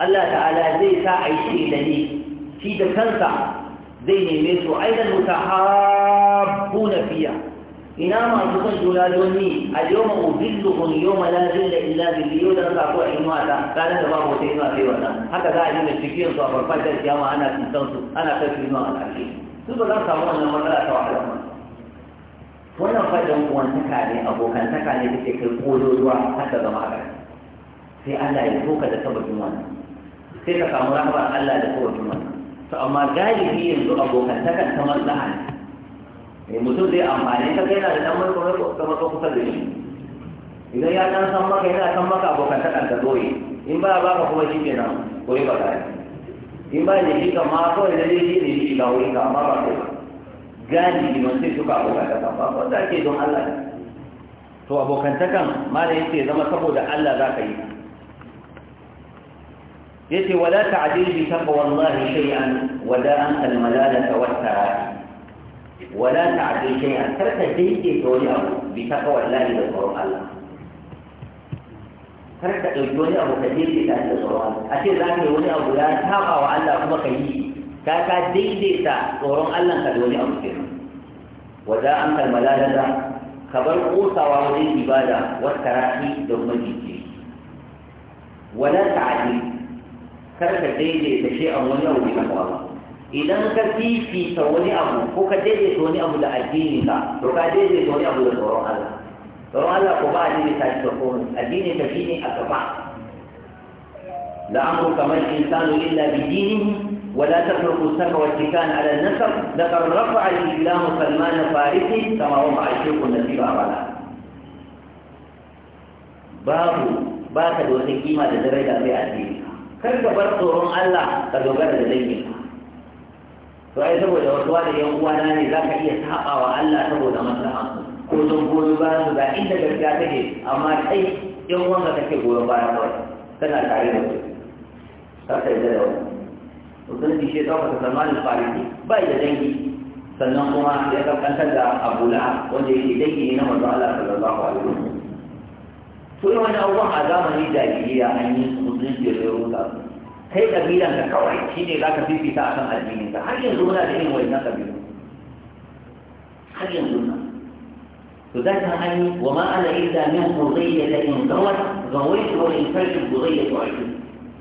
Allah ta'ala zai sa a yi shaidani shi da kansa zai neme su aidan mutahabbuna fiya ina masu son jula doni a yau ma ubillu kun yau ma lafiyar da illa biyu da ka ko in mata ranar da ba mu sai ma sai wannan haka za a da cikin su a farfajiyar kiyama ana cikin su ana kai su zuwa alƙarfi su ba za su samu wannan matsala ta wahala ba wannan faɗin taka ne abokan taka ne da ke kai koyo ruwa haka zama haka sai Allah ya toka da sababin wannan sai ka samu rahmar Allah da sababin wannan to amma galibi yanzu abokan ta maslaha ne mai eh, mutum zai amfani ka kai na da dan mai kuma ka kusa da shi idan ya dan san maka yana san maka abokan ta kan doye in ba ba ka kuma shi ke nan ko ba ka in ba ne shi kan ma kawai da zai ne shi ga wuri ka amma ba kai ba gani ne sai suka abokan ta kan ba wanda ke don Allah to abokan ta kan malam yace zama saboda Allah za ka yi yace wala ta'dil bi taqwa Allah shay'an wala anta al-malalata wat-tarah wala ta'ti shay'an karka daidaita wani abu bi taqwa wallahi da tsoron Allah kar ka ɗauki wani abu ka daidaita da tsoron Allah a ce za ka yi wani abu ya saba wa Allah kuma ka yi ta ka daidaita tsoron Allah ka da wani abu ke wa za an kalma daga, ka bar kosawa wajen ibada wata rafi da kuma jiki wala ta'adi kar ka daidaita shi a wani abu da tsoron idan ka fifita wani abu ko ka ta wani abu da addini ka to ka ta wani abu da tsoron Allah tsoron Allah ko ba addini ta shi tsoro addini ka fi ne a gaba la'amru kamar insanu illa bi dinihi wa la tafruqu sarra wa tikan ala nasab la qad rafa al islam salman farisi kama huwa ashiqu ba wala babu ba ka da wani kima da daraja mai ka. kar ka bar tsoron Allah ka dogara da dangin to ai saboda wasuwa da yan uwa na ne za ka iya saɓawa Allah saboda maslaha ko sun goyi bayan su ga inda gaskiya take amma kai yan wanda kake goyon baya kawai kana tare da su ka sai da yau musulunci shi ya ɗaukaka salmanin farisi ba da dangi sannan kuma ya kankantar da abu la'a wanda yake dangi ne na manzo Allah sallallahu alaihi wasallam to yawan abubuwan a zamanin jahiliya an yi musulunci da ya rusa su kai ƙabilan da kawai shi ne za ka fifita a kan addinin ka har yanzu muna da yin irin na ƙabilu. har yanzu na to za ka hani wa ma ana illa min huzayya da in gawar gawaitu wa in farki huzayya to aiki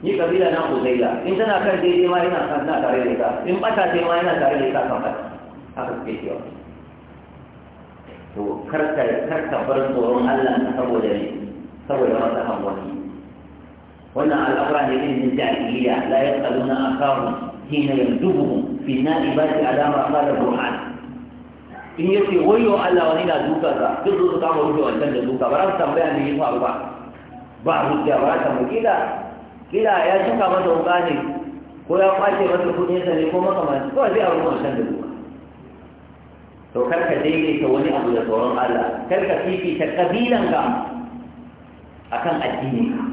ni ƙabila na huzayya in tana kan daidai ma yana kan na tare da ita in bata ce ma yana tare da ita kan bata haka suke cewa to karka karka bar tsoron Allah saboda ne saboda masa wani wannan al'amura ne irin na jahiliya la yasaluna akahum hina yandubuhum fi na'ibati alama qala burhan in yace wayo Allah wani na duka sa, duk su kama rufe wancan da duka ba za su tambaya me ya faru ba ba hujja ba za su kila kila ya shuka masa wuka ne ko ya kwace masa kuɗin sa ne ko makamanci kawai zai auri wancan da duka to karka daidaita wani abu da tsoron Allah karka fifita kabilanka akan addinin ka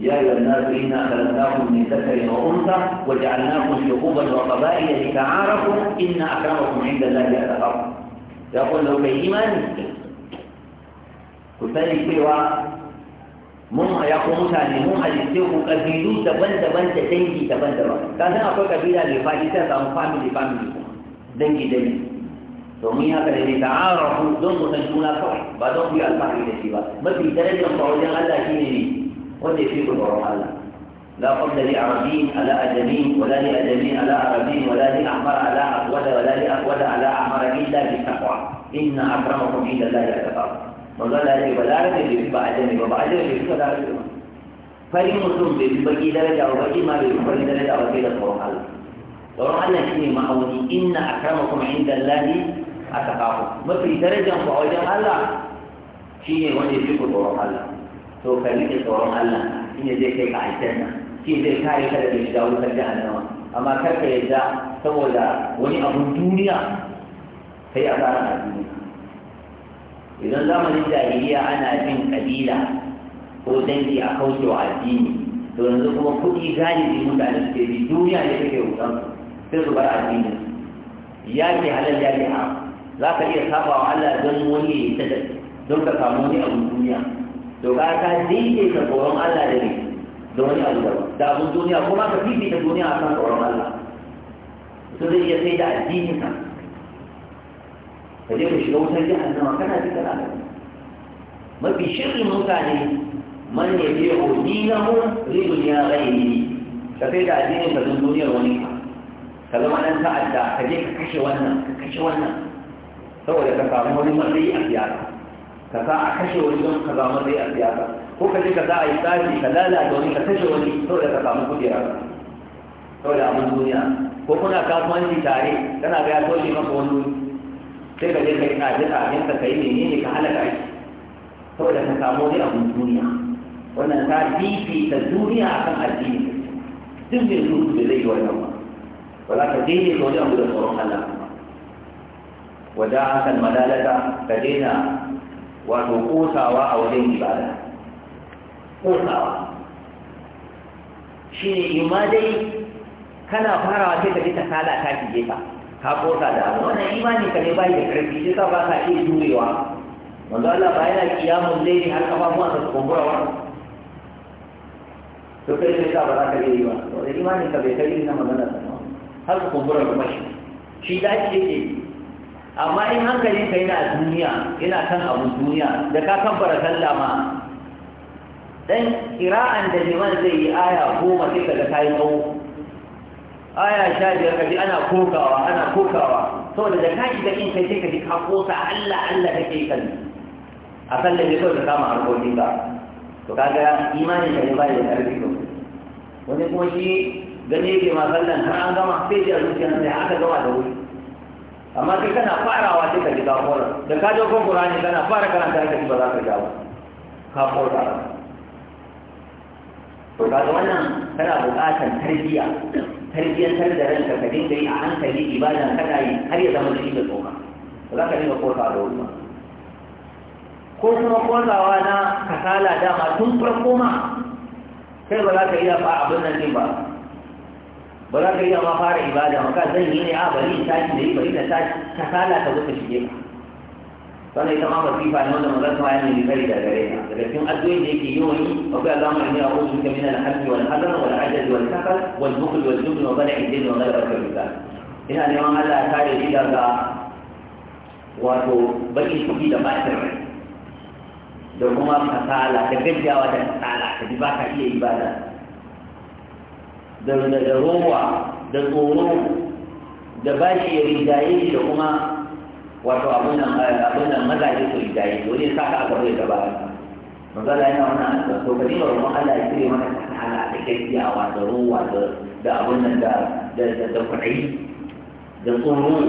يا ايها الناس انا خلقناكم من ذكر وانثى وجعلناكم شعوبا وقبائل لتعارفوا ان اكرمكم عند الله اتقاكم يقول لو كيمان كتاني كيوا مم يقول موسى ان مم اجتيوه قبيلو تبن تبن تتنجي تبن تبن كان هناك قبيلة لفاجسة عن فاملي فاملي دنجي دنجي ثم هي قد تعارفوا دون متنجونا فرح بعدهم في الفاحل السيبات ما في ثلاثة مطعوذين الله كينيني wanda yake ga tsoron Allah la qabla li arabi ala ajami wala li ajami ala arabi wala li ahmar ala aqwad wala li aqwad ala ahmar illa bi taqwa inna akramakum inda la yaqta wala la li wala li bi ajami wa ajami bi sadari fari mutum bi bagi daraja wa bagi ma bi bagi daraja wa bi tsoron Allah tsoron Allah shine ma'auni inna akramakum inda la li ataqwa mafi darajan ku a wajen Allah shine wanda yake ga tsoron Allah to ka rike tsoron Allah in ne zai kai ka nan shi zai kare ka daga shiga wutar jahannama amma kar ka yarda saboda wani abun duniya kai a tsarin a duniya idan zamanin jahiliya ana jin kabila ko dangi a kauce wa addini to yanzu kuma kuɗi galibi mutane suke bi duniya ne kake wutan sai su bar addini ya ke halal ya ke haram za ka iya saba wa Allah don wani ya yi don ka samu wani abun duniya doka ka daidai ka tsoron Allah da ne da wani abu da da abun duniya kuma ka fifi da duniya a kan tsoron Allah to zai iya sai da addini ka ka je ka shiga wutar jahannama kana ji kana mafi shirin mutane man ne bai ko dinahu ribun ya ghairi ka sai da addini ka don duniyar wani ka ka zama nan ta'adda ka je ka kashe wannan ka kashe wannan saboda ka samu wani matsayi a siyasa ka sa a kashe wani don ka zama zai a siyasa ko ka ji ka za a yi tsafi ka lalata wani ka kashe wani saboda ka samu kujera saboda abin duniya ko kuna kasuwanci tare kana ga ya toshe maka wani sai ka je ka yi tsafi tsafin ka yi kai ne ka halaka shi saboda ka samu wani abin duniya wannan ta fifita duniya akan addini duk mai zuwa da zai yi wannan ba ka ka wani abu ولا تدين الولي أبو الصورة حلا وداعة ka daina. wato kosawa a wajen ibada kosawa shi ne ima dai kana farawa sai ka ji ta kala ta ki ka ka kosa da abu wannan imani ka ne bai da karfi sai ka ba ka iya jurewa wanda Allah ba yana kiyamun ne har kafafuwan sa su kumbura ba to kai sai ka ba za ka iya yi ba to imani ka bai kai na magana sa har su kumbura kuma shi shi da ake amma in hankali ka yana duniya yana kan abun duniya da ka fara sallah ma dan kira'an da liman zai yi aya goma sai kaga kayi tsawo aya sha biyar kaji ana kokawa ana kokawa saboda da ka shiga in kai sai ji ka kosa Allah Allah take kan a sallah ne kawai ka kama harkoki ka to kaga imanin ka ne bai da karfi ko wani kuma shi gane ke ma sallan har an gama sai ya zuciya sai aka gama da wuri amma kai kana farawa sai ka ji ka da ka je kan Qur'ani kana fara karanta ka ji ba za ka ja ka mora to ga wannan kana buƙatar tarbiyya tarbiyyantar da ranka ka dinga yi a hankali ibada kada yi har ya zama cikin da tsoka ba za ka dinga kota da wani ba ko kuma kotawa na kasala dama tun farko ma kai ba za ka iya fa abin nan din ba ba za ka iya ma fara ibada maka zan yi ne a bari ta tashi da yi bari na tashi ta sala ta zo ta shige ka sannan ita ma masifa ne wanda manzon sama ya nemi kari da gare ka daga cikin addu'o'in da yake yawan yi akwai Allahumma inni a'udhu bika min al-hammi wal hazan wal ajal wal kasal wal bukhl wal jubn wa bala'i din wa ghalabat al-rizal ina neman Allah ya kare ni daga wato bakin ciki da bakin rai da kuma kasala da gajiyawa da kasala ka ji ba ka iya ibada da da da tsoro da bashi ya rigaye shi da kuma wato abin nan mazaje su rigaye shi wani saka aka bai da baya magana yana wannan da to kadi ba mu Allah ya kire mana kasala da gaskiyawa da rowa da da abin da da da da kuɗi da tsoro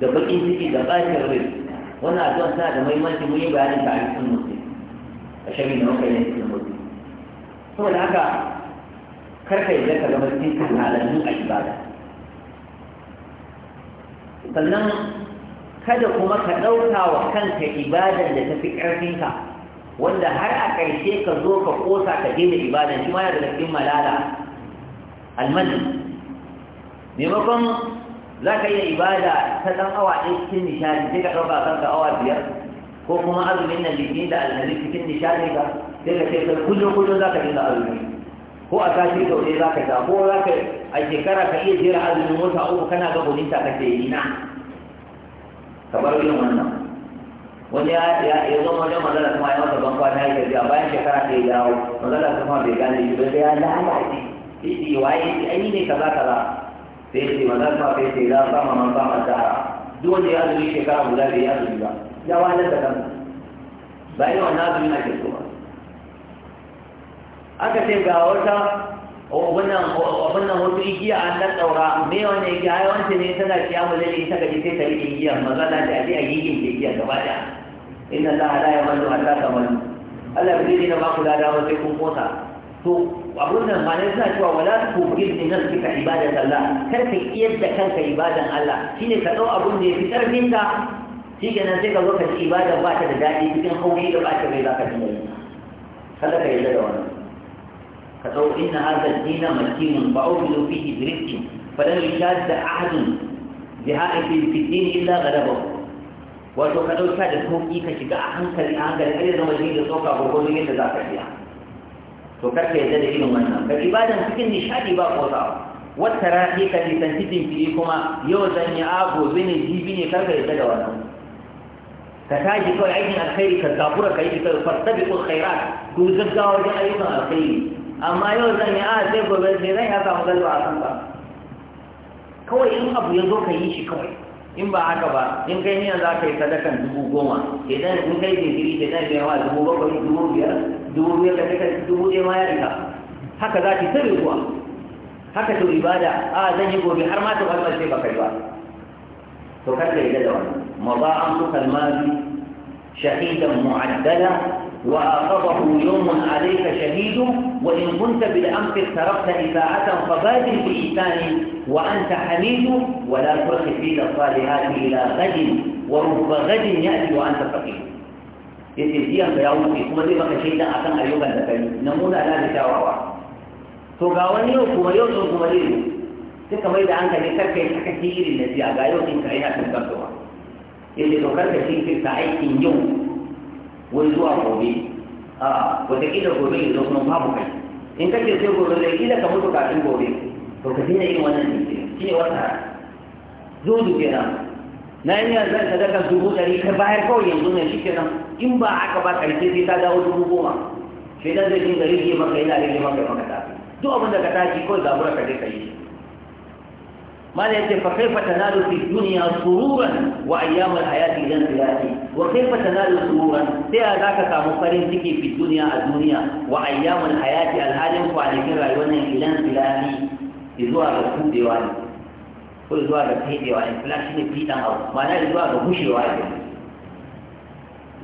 da bakin ciki da bacin rai wannan addu'a tana da muhimmanci mu yi bayanin ta a cikin mutum a shari'a na kai cikin mutum saboda haka karka yi zaka zama cikin kanalannu a ibada sannan kada kuma ka ɗauka wa kanka ibadan da tafi ƙarfinka wanda har a ƙarshe ka zo ka ƙosa ka daina ibadan shi ma yana daga cikin malala almani maimakon za ka iya ibada ta ɗan awa ɗaya cikin nishadi sai ka ɗauka kanka awa biyar ko kuma azumin nan litinin da alhamis cikin nishadi ka sai ka ce kullum kullum za ka dinga azumi ko a tashi sau ɗaya za ka sha ko za ka a shekara ka iya jera azumin wata uku kana ga ta ka ce ina kamar yin wannan wani ya zo wajen mazala kuma ya masa bankwa ta yi a bayan shekara ta yi dawo mazala kuma bai gane shi bai ya lalace shi waye ai ne kaza kaza sai ce mazala kuma sai ce za sama man sama tara duk wanda ya azumi shekara guda bai yi azumi ba ya wahalar da kansa bayan wannan azumi na ke so ba aka ce ga wata wannan wata igiya an ɗan ɗaura me wani igiya ya wance ne tana siya mu yi ta gaji sai ta riƙe igiya maza da ta ce a gigin ta igiya gaba za a daya la yamallu ta mallu. Allah bai zai na ba ku da dama sai kun motsa to abun nan ma ne suna cewa wala ku ne nan suka ibadan Allah kar ka iya da kanka ibadan Allah shine ka ɗau abun da ya fi ƙarfin ka shi kenan sai ka zo ka ci ibadan ba ta da daɗi cikin haushi da ba ta bai za ka dinga yi kada ka yi da wannan فقول إن هذا الدين متين وأؤمن فيه برفق فلن يشاد أحد بهائف في الدين إلا غلبه wato ka ɗauka da sauƙi ka shiga a hankali a hankali kai zama shi da tsoka gurgurdun yadda za ka biya to kar ka yadda da irin wannan ka ibadan cikin nishaɗi ba kosawa wata rafi ka nisanci jinkiri kuma yau zan yi abu ne jibi ne kar ka yadda da wannan ka tashi kawai aikin alkhairi ka zabura ka yi ka farsabi ko khairat ku gaggawa wajen ayyukan alkhairi amma yau zan yi a sai gobe sai zan ya samu galba a kan ba kawai in abu ya zo ka yi shi kawai in ba haka ba in kai niyan za ka yi sadakan dubu goma idan in kai digiri da zan biya wa dubu bakwai dubu biyar dubu biyar da kai dubu ɗaya ma ya rika haka za ki sirri kuwa haka to ibada a zan yi gobe har ma ta kalmar sai ba kai ba to kar ka yi da wani ma ba an su kalmar shahidan mu'addala وآخذه يوم عليك شهيد وإن كنت بالأمس اقتربت إباعه فبادر بإيثان وأنت حميد ولا ترخي في الصالحات إلى غد ورب غد يأتي وأنت فقير يتلزيهم فيوم في كما دي بقى شيدا أكن أيوبا لكي نمونا لا بشاوة فقاوني كما يوصل كما ديرو تلك ما إذا أنت لكي كثير الذي أقايوك إن عينك تكثرها يجب أن في التعيش يوم wai zuwa gobe a wataƙila gobe ya zo babu kai in kake sai gobe zai kila ka mutu kafin gobe to ka daina yin wannan ne shi ne wata zuzu kenan na yi yanzu zan sadaka dubu ɗari ka bayar kawai yanzu ne shi kenan in ba aka ba ƙarshe sai ta dawo dubu goma sai dan zai dinga rage maka yana rage maka maka ta duk abin da ka tashi kawai zabura ka dai ka yi ما لا يجب فكيف تنال في الدنيا سرورا وأيام الحياة إلى انتهاء وكيف تنال سرورا سيا ذاك كمفرين تكي في الدنيا الدنيا وأيام الحياة الهالم وعليك رأيونا إلى انتهاء إذوا رسول ديواني كل إذوا رسول ديواني فلا شيء في تنهو ما لا إذوا رمش ديواني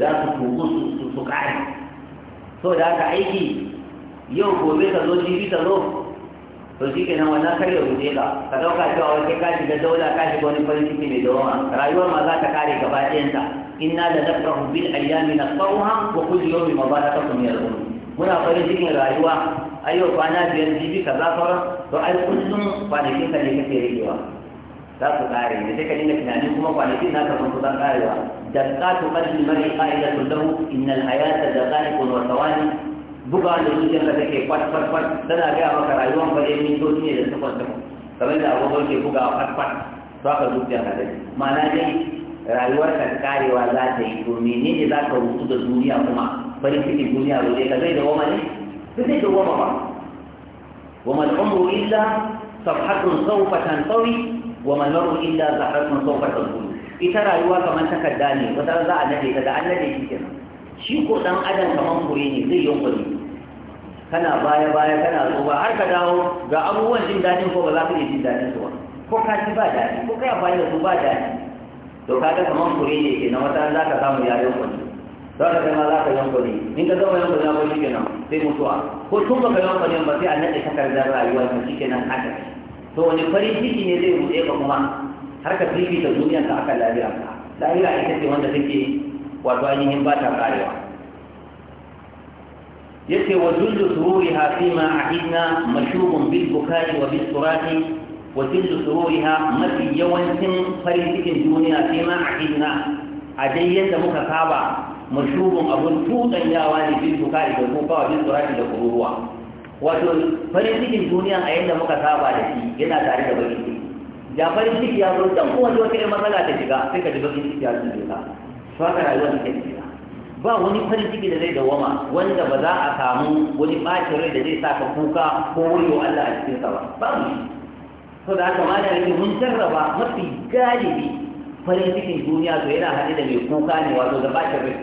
ذاك تقوص سكعي سو ذاك عيكي يوم gobe ka zo jibi ka zo to shi kenan wannan kar ya rufe ka ka dauka cewa wai ka shiga daula ka shiga wani farin ciki mai dawama rayuwar ma za ta kare gaba ɗayanta inna la nafrahu bil ayyami na nasawha wa kullu yawmin mabarakatun min al-umur muna farin cikin rayuwa ai yau kwana biyar jibi ka za fara to ai kullum kwanakin ka ne kake rigewa za su kare ne sai ka dinga tunanin kuma kwanakin na ka su zan karewa da ka tu kalli mari qa'ida lahu innal hayata daqaiqun wa thawani buga da zuciyar da take kwat kwat kwat tana gaya maka rayuwar ba dai mintoci ne da takwas takwas kamar da abu ke buga kwat kwat to aka zuciya ka dai ma'ana dai rayuwar ka karewa za ta yi to menene za ka rutu da duniya kuma farin cikin duniya ba zai ka zai da wama ne ba zai da wama ba wama umru illa safhatun sawfa wa wama al'umru illa zahratun sawfa tantawi ita rayuwa kamar takarda ne wata za a nade ta da an nade shi kenan shi ko dan adam kamar kure ne zai yi kuri kana baya baya kana zuwa har ka dawo ga abubuwan jin daɗin ko ba za ka iya jin daɗin su ba ko ka ci ba daɗi ko ka amfani da su ba daɗi to ka ga kamar kuri ne ke na wata za ka samu ya yankwani za ka kai ma za ka yankwani in ka zama na ba shi kenan sai mutuwa ko tun ba ka yankwani ba sai a naɗe takardar rayuwa ka shi kenan haka to wani farin ciki ne zai buɗe ka kuma har ka fifita duniyar ka aka lafiya ka lahira ita ce wanda take wato ainihin ba ta karewa yace wa jullu sururiha ma ahidna mashubun bil bukai wa bis surati wa jullu ha mafi yawancin farin cikin duniya ma ahidna a dai yadda muka saba mashubun abun yawa ne bil bukai da kuka wa bis surati da kururuwa wato farin cikin duniya a yadda muka saba da shi yana tare da bakin ciki da farin ciki ya zo dan kowace wata irin matsala ta shiga sai ka ji bakin ciki ya zo ka to haka ta take ba wani farin ciki da zai dawama wanda ba za a samu wani ɓacin rai da zai sa ka kuka ko wuyo Allah a cikin sa ba ba shi to da haka mana yake mun jarraba mafi galibi farin cikin duniya to yana hade da mai kuka ne wato da ɓacin rai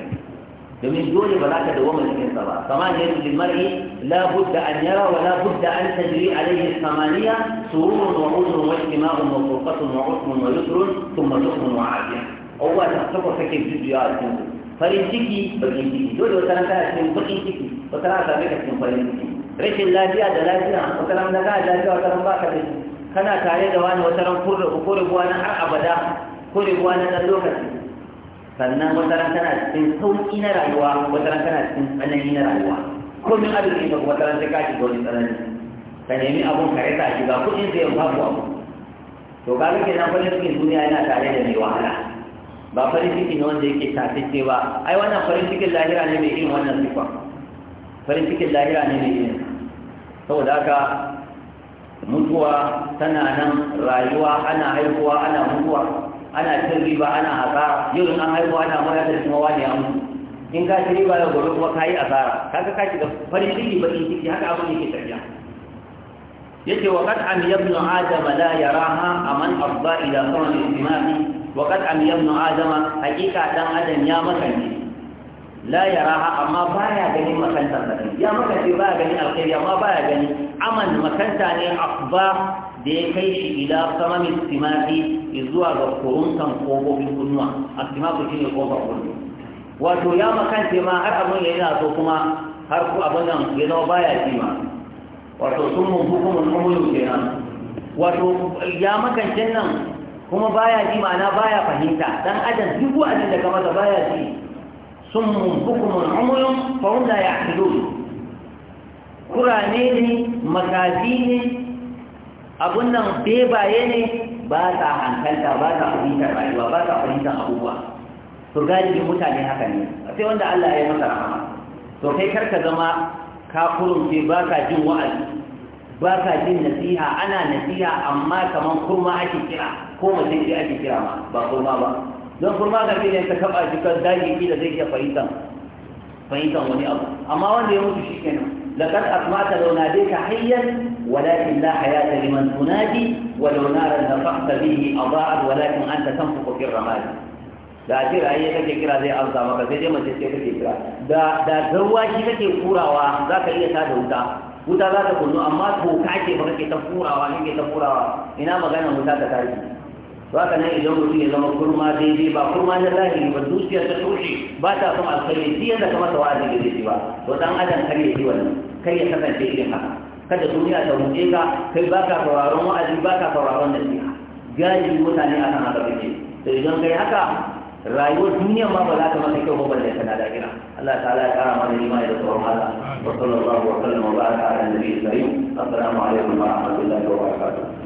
domin dole ba za ka dawama cikin sa ba kama ne yadda mar'i la budda an yara wa la budda an tajri alayhi samaniya surur wa udrun wa ijtima'un wa furqatun wa usmun wa yusrun thumma sukhmun wa afiya abubuwa da suka kake jujjuya a cikin farin ciki bakin ciki dole wata ranta kana cikin bakin ciki wata ran sami ka cikin farin ciki rashin lafiya da lafiya wata ranta da kana lafiya wata ba ka da kana tare da wani wata ran kurda ko buwa na har abada ko buwa na dan lokaci sannan wata ranta kana cikin sauki na rayuwa wata ranta kana cikin tsanani na rayuwa komin abin da wata ran sai ka shiga wani tsanani ka nemi abun ka rasa shi ga kuɗin sai ya babu abu to kaga kenan farin cikin duniya yana tare da mai wahala ba farin ciki ne wanda yake ce ba ai wannan farin cikin lahira ne mai irin wannan sifa farin cikin lahira ne mai irin saboda haka mutuwa tana nan rayuwa ana haihuwa ana mutuwa ana cin riba ana hasara yau in an haihuwa ana mura da kuma wani ya mutu in ka ci riba yau gobe kuma ka yi asara kaga ka shiga farin ciki in ciki haka abin yake tafiya yace wa qad am yabnu adama la yaraha aman afda ila sawmi al-imami وقد عمي ابن آدم حقيقة دان آدم يا مكاني لا يراها أما بايا غني مكان تنتهي يا مكاني بايا غني الخير يا ما بايا غني عمل مكان تاني أخبار da ya kai shi ila samamin timati zuwa ga kuruntan kofofin kunnuwa a timatu shi ne kofar kunnuwa wato ya makance ma har abin ya yana so kuma har ku abin nan ya zama baya ji ma wato sun mun wato ya nan kuma baya ji ma'ana baya fahimta dan adam duk wa'azin da ka masa baya ji mun hukumun umuyun fa hum la ya'qilun kurane ne makafi ne abun nan bebaye ne ba ta hankalta ba ta fahimta rayuwa ba ta fahimta abubuwa to galibin mutane haka ne sai wanda Allah ya yi masa rahama to kai karka zama ka kurunce ba ka jin wa'azi ba ka jin nasiha ana nasiha amma kaman kurma ake kira ko mutum ce ake kira ma ba kurma ba don kurma ka ne ta kaba shi kan dage ki da zai iya fahimtar fahimtan wani abu amma wanda ya mutu shikenan laqad asma'ta law nadika hayyan walakin la hayata liman tunadi wa law naran nafaqta bihi adaa'at walakin ta tanfuqu fi ramadi da a ce ra'ayi kake kira zai amsa maka sai dai mace ce kake kira da da garwa shi kake kurawa za ka iya tada wuta wuta za ta kunu amma toka ce ba kake ta furawa kake ta ina magana wuta ta tashi ba ka nan idan mutum ya zama kurma daidai ba kurma na zahiri ba zuciya ta toshe ba ta son alkhairi shi yadda masa wa'azi ga zai ba to dan adam kar ya yi wannan kar ya kasance irin haka kada duniya ta ruɗe ka kai ba ka sauraron wa'azi ba ka sauraron nasiha galibi mutane kan haka kake to idan kai haka rayuwar duniya ma ba za ta maka kyau ba balle kana lahira Allah ta'ala ya kara mana imani da tsoron Allah wa sallallahu wa sallama wa baraka ala nabiyyi karim assalamu alaikum wa rahmatullahi wa barakatuh